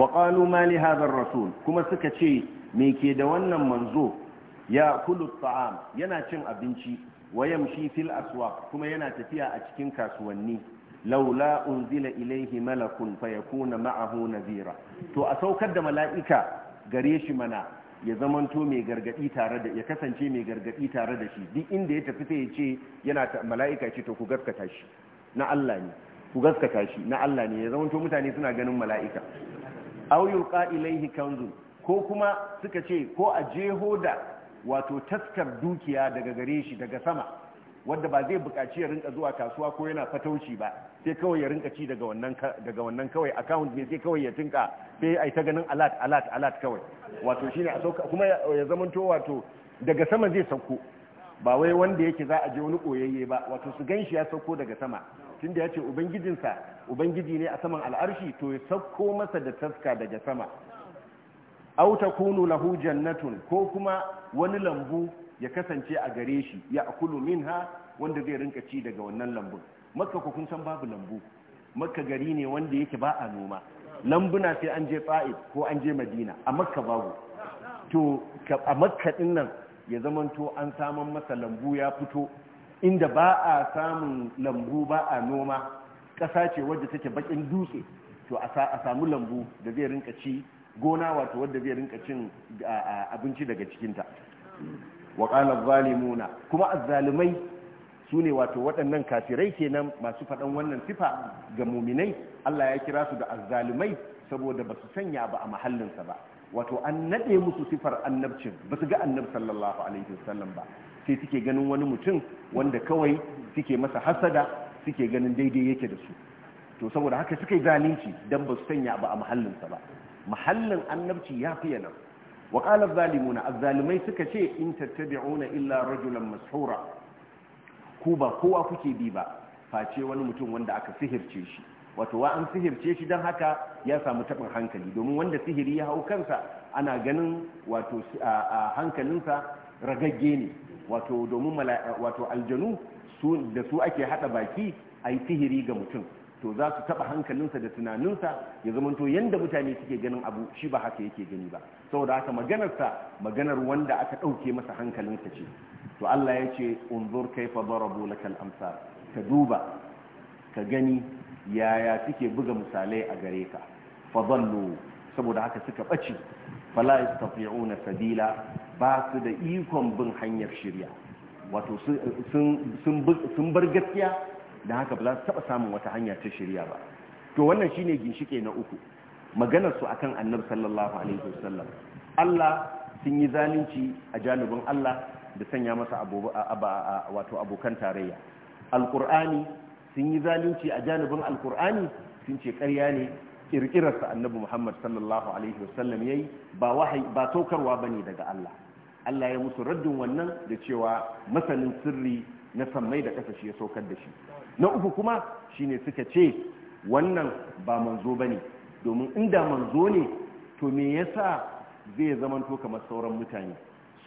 Speaker 1: وقالوا ما لهذا الرسول كما سكتشي ميكي دوانا منظور ya kulu ta'am yana cin abinci wa yamshi fil aswaq kuma yana tafiya a cikin kasuwanni laula unzila ilaihi malakun fayakuna ma'ahu nadhira to a saukar da mala'ika gare shi mana ya zamanto mai gargadi tare da ya kasance mai gargadi tare da shi duk inda ya tafi sai ya ce yana mala'ika ce to ku gaskata shi na Allah ne ku gaskata shi na Allah ne ya zamanto mutane suna ganin mala'ika aw yulqa ilaihi kanzun ko kuma suka ce ko a jeho da wato taskar dukiya daga gare shi daga sama wadda ba zai buƙaci ya rinka zuwa kasuwa ko yana fatauci ba sai kawai ya rinka ci daga wannan daga wannan kawai account ne sai kawai ya tinka sai ai ta ganin alert alert alert kawai wato shine a sauka kuma ya zamanto wato daga sama zai sauko ba wai wanda yake za a je wani koyayye ba wato su ganshi ya sauko daga sama tunda ya ce ubangijinsa ubangiji ne a saman al'arshi to ya sauko masa da taska daga sama aw takunu lahu jannatun ko kuma wani lambu ya kasance a gare shi ya akulu minha wanda zai rinka ci daga wannan lambun makka ko kun san babu lambu makka gari ne wanda yake ba a noma lambuna sai an je fa'id ko an je madina a makka babu to a makka din nan ya to an saman masa lambu ya fito inda ba a samun lambu ba a noma ƙasa ce wadda take bakin dutse to a samu lambu da zai rinka ci gona wato wadda zai rinka cin abinci daga cikinta wa qala zalimuna kuma azzalimai sune wato waɗannan kafirai kenan masu faɗan wannan sifa ga muminai Allah ya kira su da azzalumai saboda ba su sanya ba a mahallinsa ba wato an naɗe musu sifar annabcin ba su ga annab sallallahu alaihi wasallam ba sai suke ganin wani mutum wanda kawai suke masa hasada suke ganin daidai yake da su to saboda haka suka yi zalunci don ba su sanya ba a mahallinsa ba mahallin annabci ya fiye nan wa qala zalimuna azzalimai suka ce in tattabi'una illa rajulan mashura ku ba kowa kuke bi ba face wani mutum wanda aka sihirce shi wato wa an sihirce shi don haka ya samu tabin hankali domin wanda sihiri ya hau kansa ana ganin wato hankalinsa ragagge ne wato domin wato aljanu da su ake haɗa baki a yi sihiri ga mutum to za su taba hankalinsa da tunaninsa ya zama to mutane suke ganin abu shi ba haka yake gani ba saboda haka maganarsa maganar wanda aka ɗauke masa hankalinsa ce to Allah ya ce unzur kaifa darabu lakal amsa ka duba ka gani yaya suke buga misalai a gare ka fadallu saboda haka suka bace fala yastati'una sabila ba su da ikon bin hanyar shirya wato sun bar gaskiya Da haka ba za su taɓa samun wata hanya ta shirya ba to wannan shine ginshike na uku maganar su akan annabi sallallahu alaihi wasallam Allah sun yi zalunci a janibin Allah da sanya masa wato abokan tarayya Alƙur'ani, sun yi zalunci a janibin alkur'ani sun ce ƙarya ne sa annabi muhammad sallallahu alaihi wasallam yayi ba ba ba tokarwa ba ne daga allah allah ya musu raddin wannan da cewa masanin sirri na sammai da ƙasashe ya saukar da shi na uku kuma shine suka ce wannan ba manzo bane domin inda manzo ne to me yasa zai zamanto kamar sauran mutane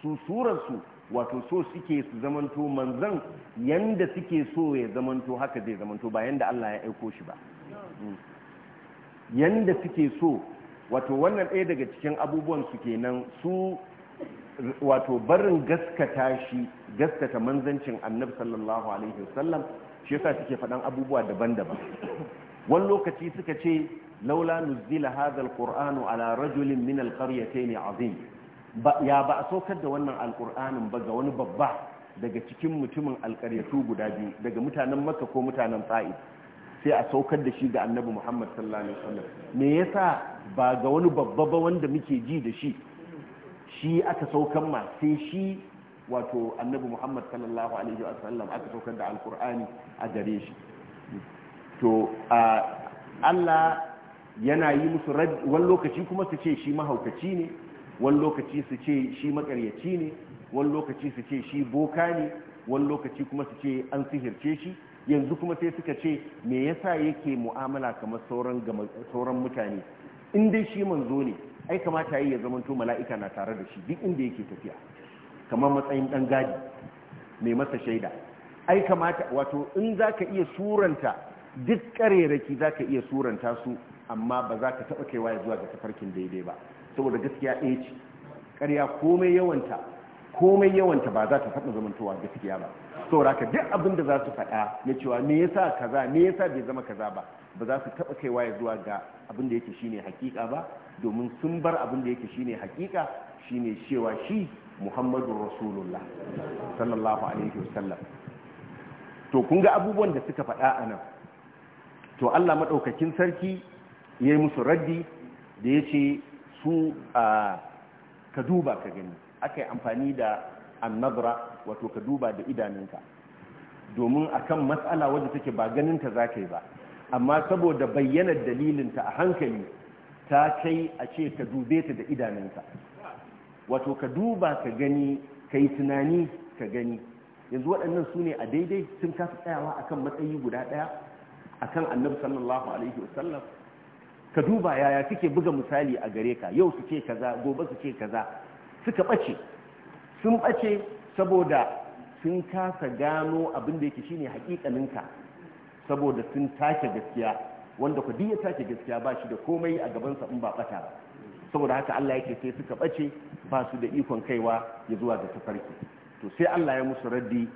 Speaker 1: su surarsu wato so suke su zamanto manzan yanda suke so ya zamanto haka zai zamanto ba yanda Allah ya aiko shi ba hmm. yanda suke so wato wannan ɗaya daga cikin abubuwan su kenan su wato barin gaskata shi gaskata manzancin annabi sallallahu alaihi wasallam shi yasa suke faɗan abubuwa daban-daban wani lokaci suka ce laula nuzila hadha alqur'anu ala rajulin min alqaryatayn azim ya ba a saukar da wannan alqur'anin ba ga wani babba daga cikin mutumin alƙaryatu guda biyu daga mutanen makka ko mutanen ta'if sai a saukar da shi ga annabi muhammad sallallahu alaihi wasallam me yasa ba ga wani babba ba wanda muke ji da shi shi aka saukan ma sai shi wato annabi muhammad sallallahu alaihi wa sallam aka saukar da alkur'ani a gare shi to allah yana yi musu wani lokaci kuma su ce shi mahaukaci ne wani lokaci su ce shi makaryaci ne wani lokaci su ce shi boka ne wani lokaci kuma su ce an sihirce shi yanzu kuma sai suka ce me yasa yake mu'amala kamar sauran mutane in dai shi manzo ne ai kamata yi ya zamanto mala'ika na tare da shi duk inda yake tafiya kamar matsayin ɗan gadi mai masa shaida ai kamata wato in za ka iya suranta duk ƙarerake za ka iya suranta su amma ba za ka taɓa kaiwa zuwa ga tafarkin daidai ba saboda gaskiya ɗaya ce ƙarya komai yawanta komai yawanta ba za ta faɗa zamantowa gaskiya ba saboda ka duk abin da za su faɗa na cewa me yasa kaza me yasa bai zama kaza ba ba za su taɓa kaiwa zuwa ga abin da yake shine hakika ba domin sun bar abin da yake shine hakika shine cewa shi muhammadun rasulullah sallallahu alaihi wasallam to kun ga abubuwan da suka faɗa a nan to allah maɗaukakin sarki ya yi musu raddi da ya ce su ka duba ka gani aka yi amfani da annabra wato ka duba da idanunka domin akan matsala wadda take ba ganinta za ka yi ba amma saboda bayyanar dalilinta a hankali ta kai a ce ka dube ta da idanunka wato ka duba ka gani ka yi tunani ka gani yanzu waɗannan su ne a daidai sun kasa tsayawa a kan matsayi guda ɗaya akan annabi sallallahu alaihi wasallam ka duba yaya suke buga misali a gare ka yau suke kaza gobe suke kaza suka ɓace sun ɓace saboda sun kasa gano abin da yake shine hakikaninka saboda sun take gaskiya wanda ku ya take gaskiya ba shi da komai a gabansa in ba ɓata ba saboda haka Allah yake sai suka bace ba su da ikon kaiwa ya zuwa ga tafarki to sai Allah ya musu raddi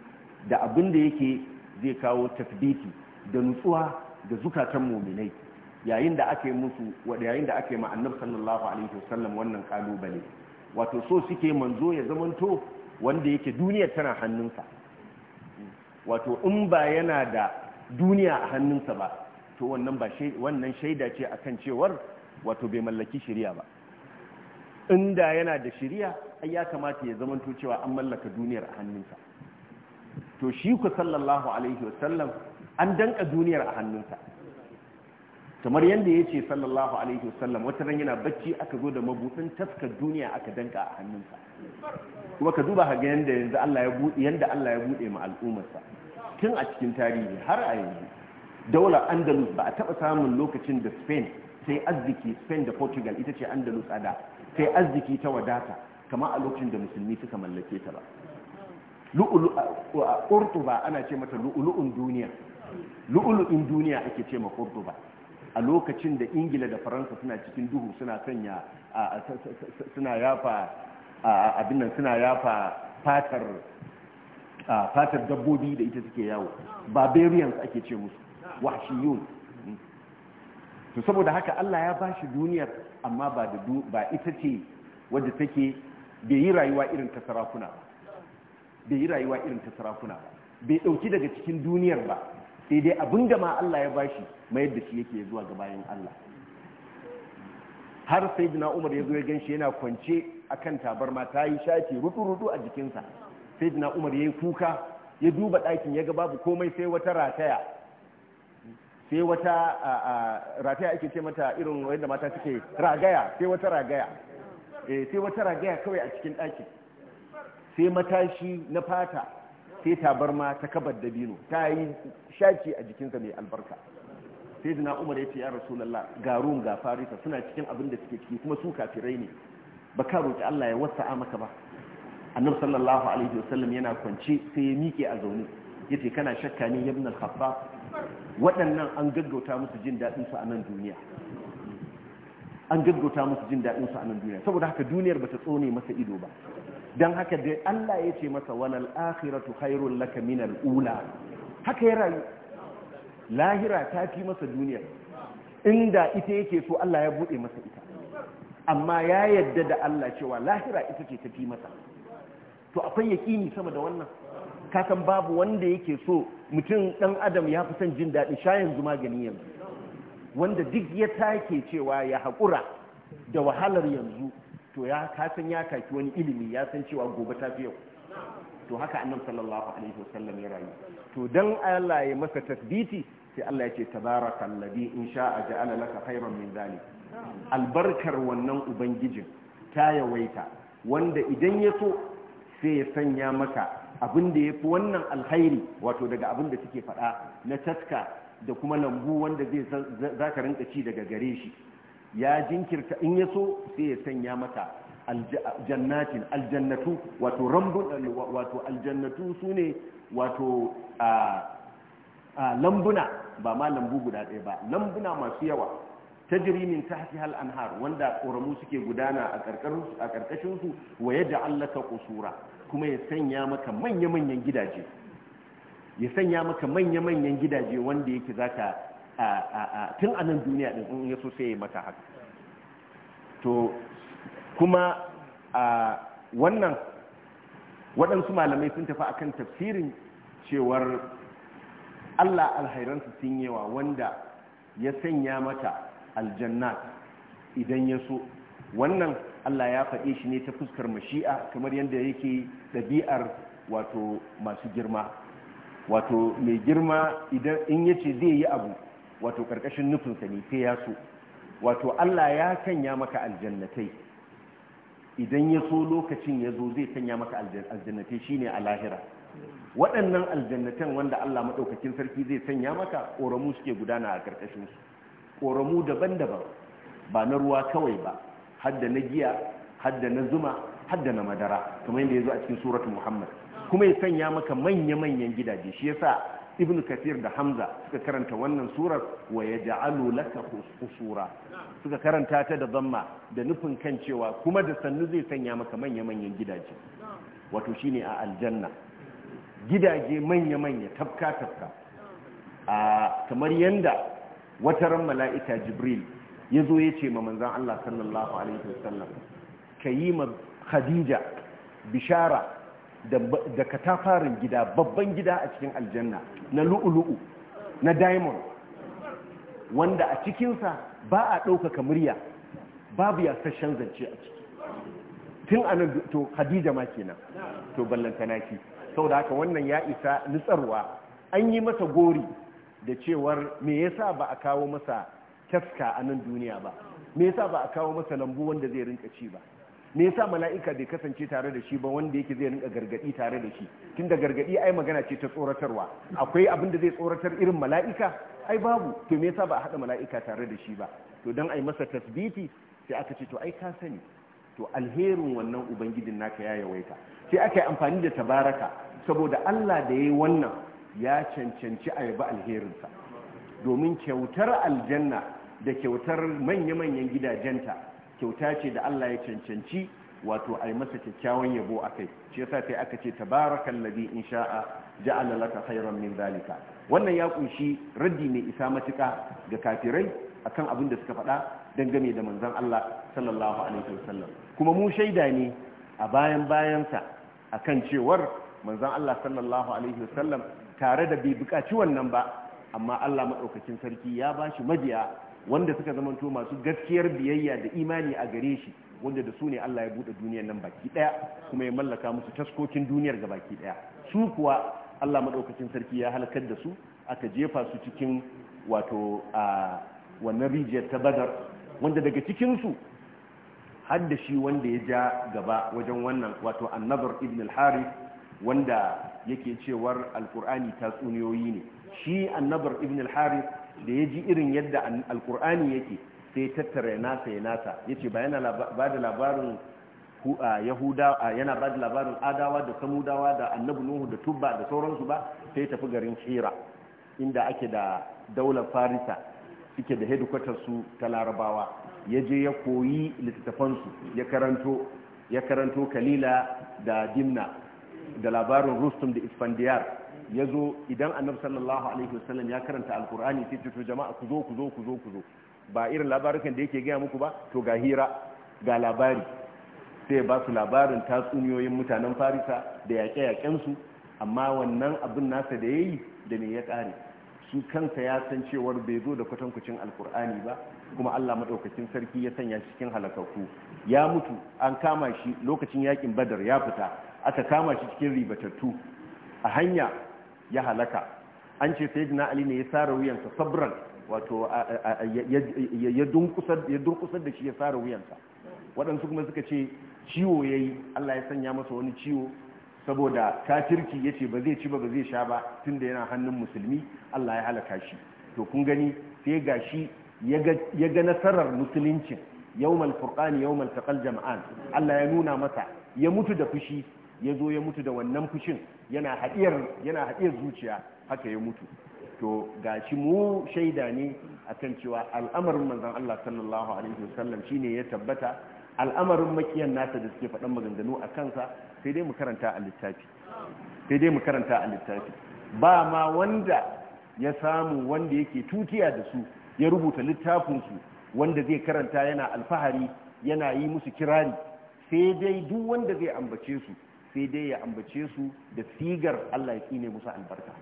Speaker 1: da abin da yake zai kawo tafbiti da nutsuwa da zukatan muminai yayin da aka yi musu yayin da aka yi ma annabi sallallahu alaihi wasallam wannan kalubale wato so suke manzo ya zamanto wanda yake duniyar tana hannunsa wato in ba yana da duniya a hannunsa ba to wannan ba shaida ce akan cewar wato bai mallaki shari'a ba inda yana da shiriya ai ya kamata ya zama to cewa an mallaka duniyar a hannunsa to shi ku sallallahu alaihi wa sallam an danka duniyar a hannunsa kamar yadda ya ce sallallahu alaihi wa sallam, wata ran yana bacci aka zo da mabutsin taskar duniya aka danka a hannunsa kuma ka duba ga yadda yanzu Allah ya buɗe yanda Allah ya buɗe ma al'ummarsa tun a cikin tarihi har a yanzu daular andalus ba a taɓa samun lokacin da spain sai arziki spain da portugal ita ce andalus a da kai arziki ta wadata kama a lokacin da musulmi suka mallake ta ba ƙurtuba ana ce mata lu'ulu'un duniya lu'ulu'un duniya ake ce ma ƙurtuba a lokacin da ingila da faransa suna cikin duhu suna sanya suna yafa abin nan suna yafa fatar fatar dabbobi da ita suke yawo barbarians ake ce musu wahshiyun hmm. to saboda haka Allah ya bashi duniyar amma ba da ba ita ce wadda take bai yi rayuwa irin ta sarakuna ba bai yi rayuwa irin ta sarakuna ba bai dauki daga cikin duniyar ba sai dai abin da ma Allah ya bashi mayar yadda shi yake zuwa ga bayan Allah har sai umar ya zo ya ganshi yana kwance akan tabarma ta yi shafi rudu-rudu a jikinsa sai umar ya yi kuka ya duba ɗakin ya ga babu komai sai wata rataya sai wata rataya ake ce mata irin wanda mata suke ragaya sai wata ragaya eh, sai wata ragaya kawai a cikin ɗaki sai matashi na fata sai tabarma ta kabar da dabino ta yi shaki a jikinsa mai albarka sai zina umar ya ce ya rasulallah ga rum ga farisa suna cikin abin da suke ciki kuma su kafirai ne ba ka roƙi allah ya wasa maka ba annab sallallahu alaihi wasallam yana kwance sai ya miƙe a zaune ya ce kana shakka ne yabin al waɗannan an gaggauta musu jin daɗinsu a nan duniya an gaggauta musu jin daɗinsu a nan duniya saboda haka duniyar ba ta tsone masa ido ba don haka dai Allah ya ce masa walal akhiratu hairun laka min ula haka ya rayu lahira ta fi masa duniyar inda ita yake so Allah ya bude masa ita amma ya yadda da Allah cewa lahira ita ce ta fi masa to akwai yaƙini sama da wannan kasan babu wanda yake so mutum ɗan adam ya fi son jin daɗi sha yanzu magani yanzu wanda duk ya take cewa ya haƙura da wahalar yanzu to ya kasan ya kaki wani ilimi ya san cewa gobe ta fi yau to haka annabi sallallahu alaihi wasallam ya rayu to dan Allah ya masa tasbiti sai Allah ya ce tabarakallazi in sha'a ja'ala laka khairan min ne. albarkar wannan ubangijin ta yawaita wanda idan ya so sai ya sanya maka abin da ya fi wannan alkhairi wato daga abin da suke faɗa na taska da kuma lambu wanda zai zaka ka rinka ci daga gare shi ya jinkirta in ya so sai ya sanya mata aljannatin aljannatu wato rambun wato aljannatu su ne wato lambuna ba ma lambu guda ɗaya ba lambuna masu yawa ta jirimin ta tahti hal anhar wanda ƙoramu suke gudana a ƙarƙashinsu su wa yadda allaka ƙusura kuma ya sanya maka manya-manyan gidaje ya sanya maka manya-manyan gidaje wanda yake zaka tun a nan duniya din in yaso sai ya mata haka to kuma a wannan waɗansu malamai sun tafi akan tafsirin cewar Allah alhairansu sun yawa wanda ya sanya mata aljannat idan ya so wannan Allah ya faɗi shi ne ta fuskar mashi'a kamar yadda yake ɗabi'ar wato masu girma wato mai girma idan in yace zai yi abu wato ƙarƙashin nufinsa ne sai ya so wato Allah ya sanya maka aljannatai idan ya so lokacin ya zo zai sanya maka aljannatai shine a lahira waɗannan aljannatan wanda Allah maɗaukakin sarki zai sanya maka ƙoramu suke gudana a ƙarƙashinsu ƙoramu daban-daban ba na ruwa kawai ba hadda na giya hadda na zuma hadda na madara kamar yadda ya zo a cikin suratun muhammad kuma ya sanya maka manya-manyan gidaje shi yasa ibn kafir da hamza suka karanta wannan surar wa ya ja'alu laka kusura suka karanta ta da zama da nufin kan cewa kuma da sannu zai sanya maka manya-manyan gidaje wato shine a aljanna gidaje manya-manya tafka-tafka a kamar yanda wataran mala'ika jibril ya zo ya ce ma manzan Allah sallallahu alaihi wasallam ka yi ma khadija bishara da katafarin gida babban gida a cikin aljanna na lu'ulu'u na diamond wanda a cikinsa ba a ɗaukaka murya babu ya yasashen zance a ciki tun a to khadija ma kenan to ballantana sau da haka wannan ya isa nutsarwa an yi masa gori da cewar me yasa ba a kawo masa taska a nan duniya ba me yasa ba a kawo masa lambu wanda zai rinka ci ba me yasa mala'ika bai kasance tare da shi ba wanda yake zai rinka gargadi tare da shi tunda gargadi ai magana ce ta tsoratarwa akwai abin da zai tsoratar irin mala'ika ai babu to me yasa ba a hada mala'ika tare da shi ba to dan ai masa tasbiti sai aka ce to ai ka sani to alherin wannan ubangijin naka ya yawaita sai aka yi amfani da tabaraka saboda Allah da yayi wannan ya cancanci a alherinsa domin kyautar aljanna da kyautar manya-manyan gidajenta kyauta ce da Allah ya cancanci wato a yi masa kyakkyawan yabo a kai shi yasa sai aka ce tabarakan ladhi in sha'a ja'ala laka khairan min zalika wannan ya kunshi raddi mai isa matuka ga kafirai akan abin da suka faɗa dangane da manzon Allah sallallahu alaihi wasallam kuma mu shaida ne a bayan bayansa akan cewar manzon Allah sallallahu alaihi wasallam tare da bai buƙaci wannan ba amma Allah maɗaukakin sarki ya ba shi mabiya wanda suka zamanto masu gaskiyar biyayya da imani a gare shi wanda da su ne Allah ya bude duniyar nan baki daya kuma ya mallaka musu taskokin duniyar ga baki daya su kuwa Allah madaukakin sarki ya halakar da su aka jefa su cikin wato a wannan rijiyar ta badar wanda daga cikin su har da shi wanda ya ja gaba wajen wannan wato annabar ibn al-harith wanda yake cewar alqur'ani tatsuniyoyi ne shi annabar ibn al-harith da ya ji irin yadda alkur'ani yake sai ya tattara ya nasa ya nasa ya ce ba yana ba da labarin yahuda yana ba da labarin adawa da samudawa da annabi nuhu da tubba da sauransu ba sai ya tafi garin shira inda ake da daular farisa suke da hedikwatar su ta larabawa ya je ya koyi littattafansu ya karanto ya karanto kalila da dimna da labarin rustum da isfandiyar ya zo idan annabi sallallahu alaihi wasallam ya karanta alkur'ani sai ce to jama'a ku zo ku zo ku zo ku zo ba irin labarukan da yake gaya muku ba to ga hira ga labari sai ba su labarin tatsuniyoyin mutanen farisa da yaƙe-yaƙensu amma wannan abin nasa da ya yi da ne ya ƙare su kansa ya san cewar bai zo da kwatankwacin alkur'ani ba kuma allah maɗaukacin sarki ya sanya cikin halakakku ya mutu an kama shi lokacin yakin badar ya fita aka kama shi cikin ribatattu a hanya ya halaka an ce sai jina ali ne ya sare wuyansa sabran wato ya durkusar da shi ya sare wuyansa waɗansu kuma suka ce ciwo ya yi allah ya sanya masa wani ciwo saboda kafirki ya ce ba zai ci ba ba zai sha ba tun da yana hannun musulmi allah ya halaka shi to kun gani sai ga shi ya ga nasarar musuluncin yawmal furqani yawmal taqal jama'an allah ya nuna masa ya mutu da fushi ya zo ya mutu da wannan fushin yana haɗiyar zuciya haka ya mutu to ga shi mu shaida ne a kan cewa al'amarin manzon Allah sallallahu alaihi wasallam shine ya tabbata al'amarin makiyan nasa da suke faɗan maganganu a kansa sai dai mu karanta a littafi sai dai mu karanta a littafi ba ma wanda ya samu wanda yake tutiya da su ya rubuta littafinsu wanda zai karanta yana alfahari yana yi musu kirari sai dai duk wanda zai ambace su sai dai ya ambace su da sigar Allah ya kine musa albarka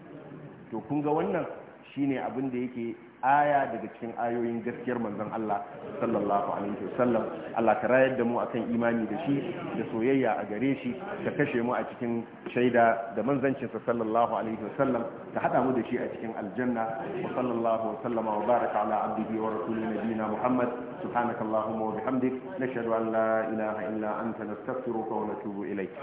Speaker 1: to kun ga wannan shine abin da yake aya daga cikin ayoyin gaskiyar manzon Allah sallallahu alaihi wasallam Allah ta rayar da mu akan imani da shi da soyayya a gare shi ka kashe mu a cikin shaida da manzancin sa sallallahu alaihi wasallam Ta hada mu da shi a cikin aljanna wa sallallahu wa sallama wa baraka ala abdihi wa rasulih nabiyina Muhammad subhanaka allahumma wa bihamdik nashhadu an la ilaha illa anta nastaghfiruka wa natubu ilayk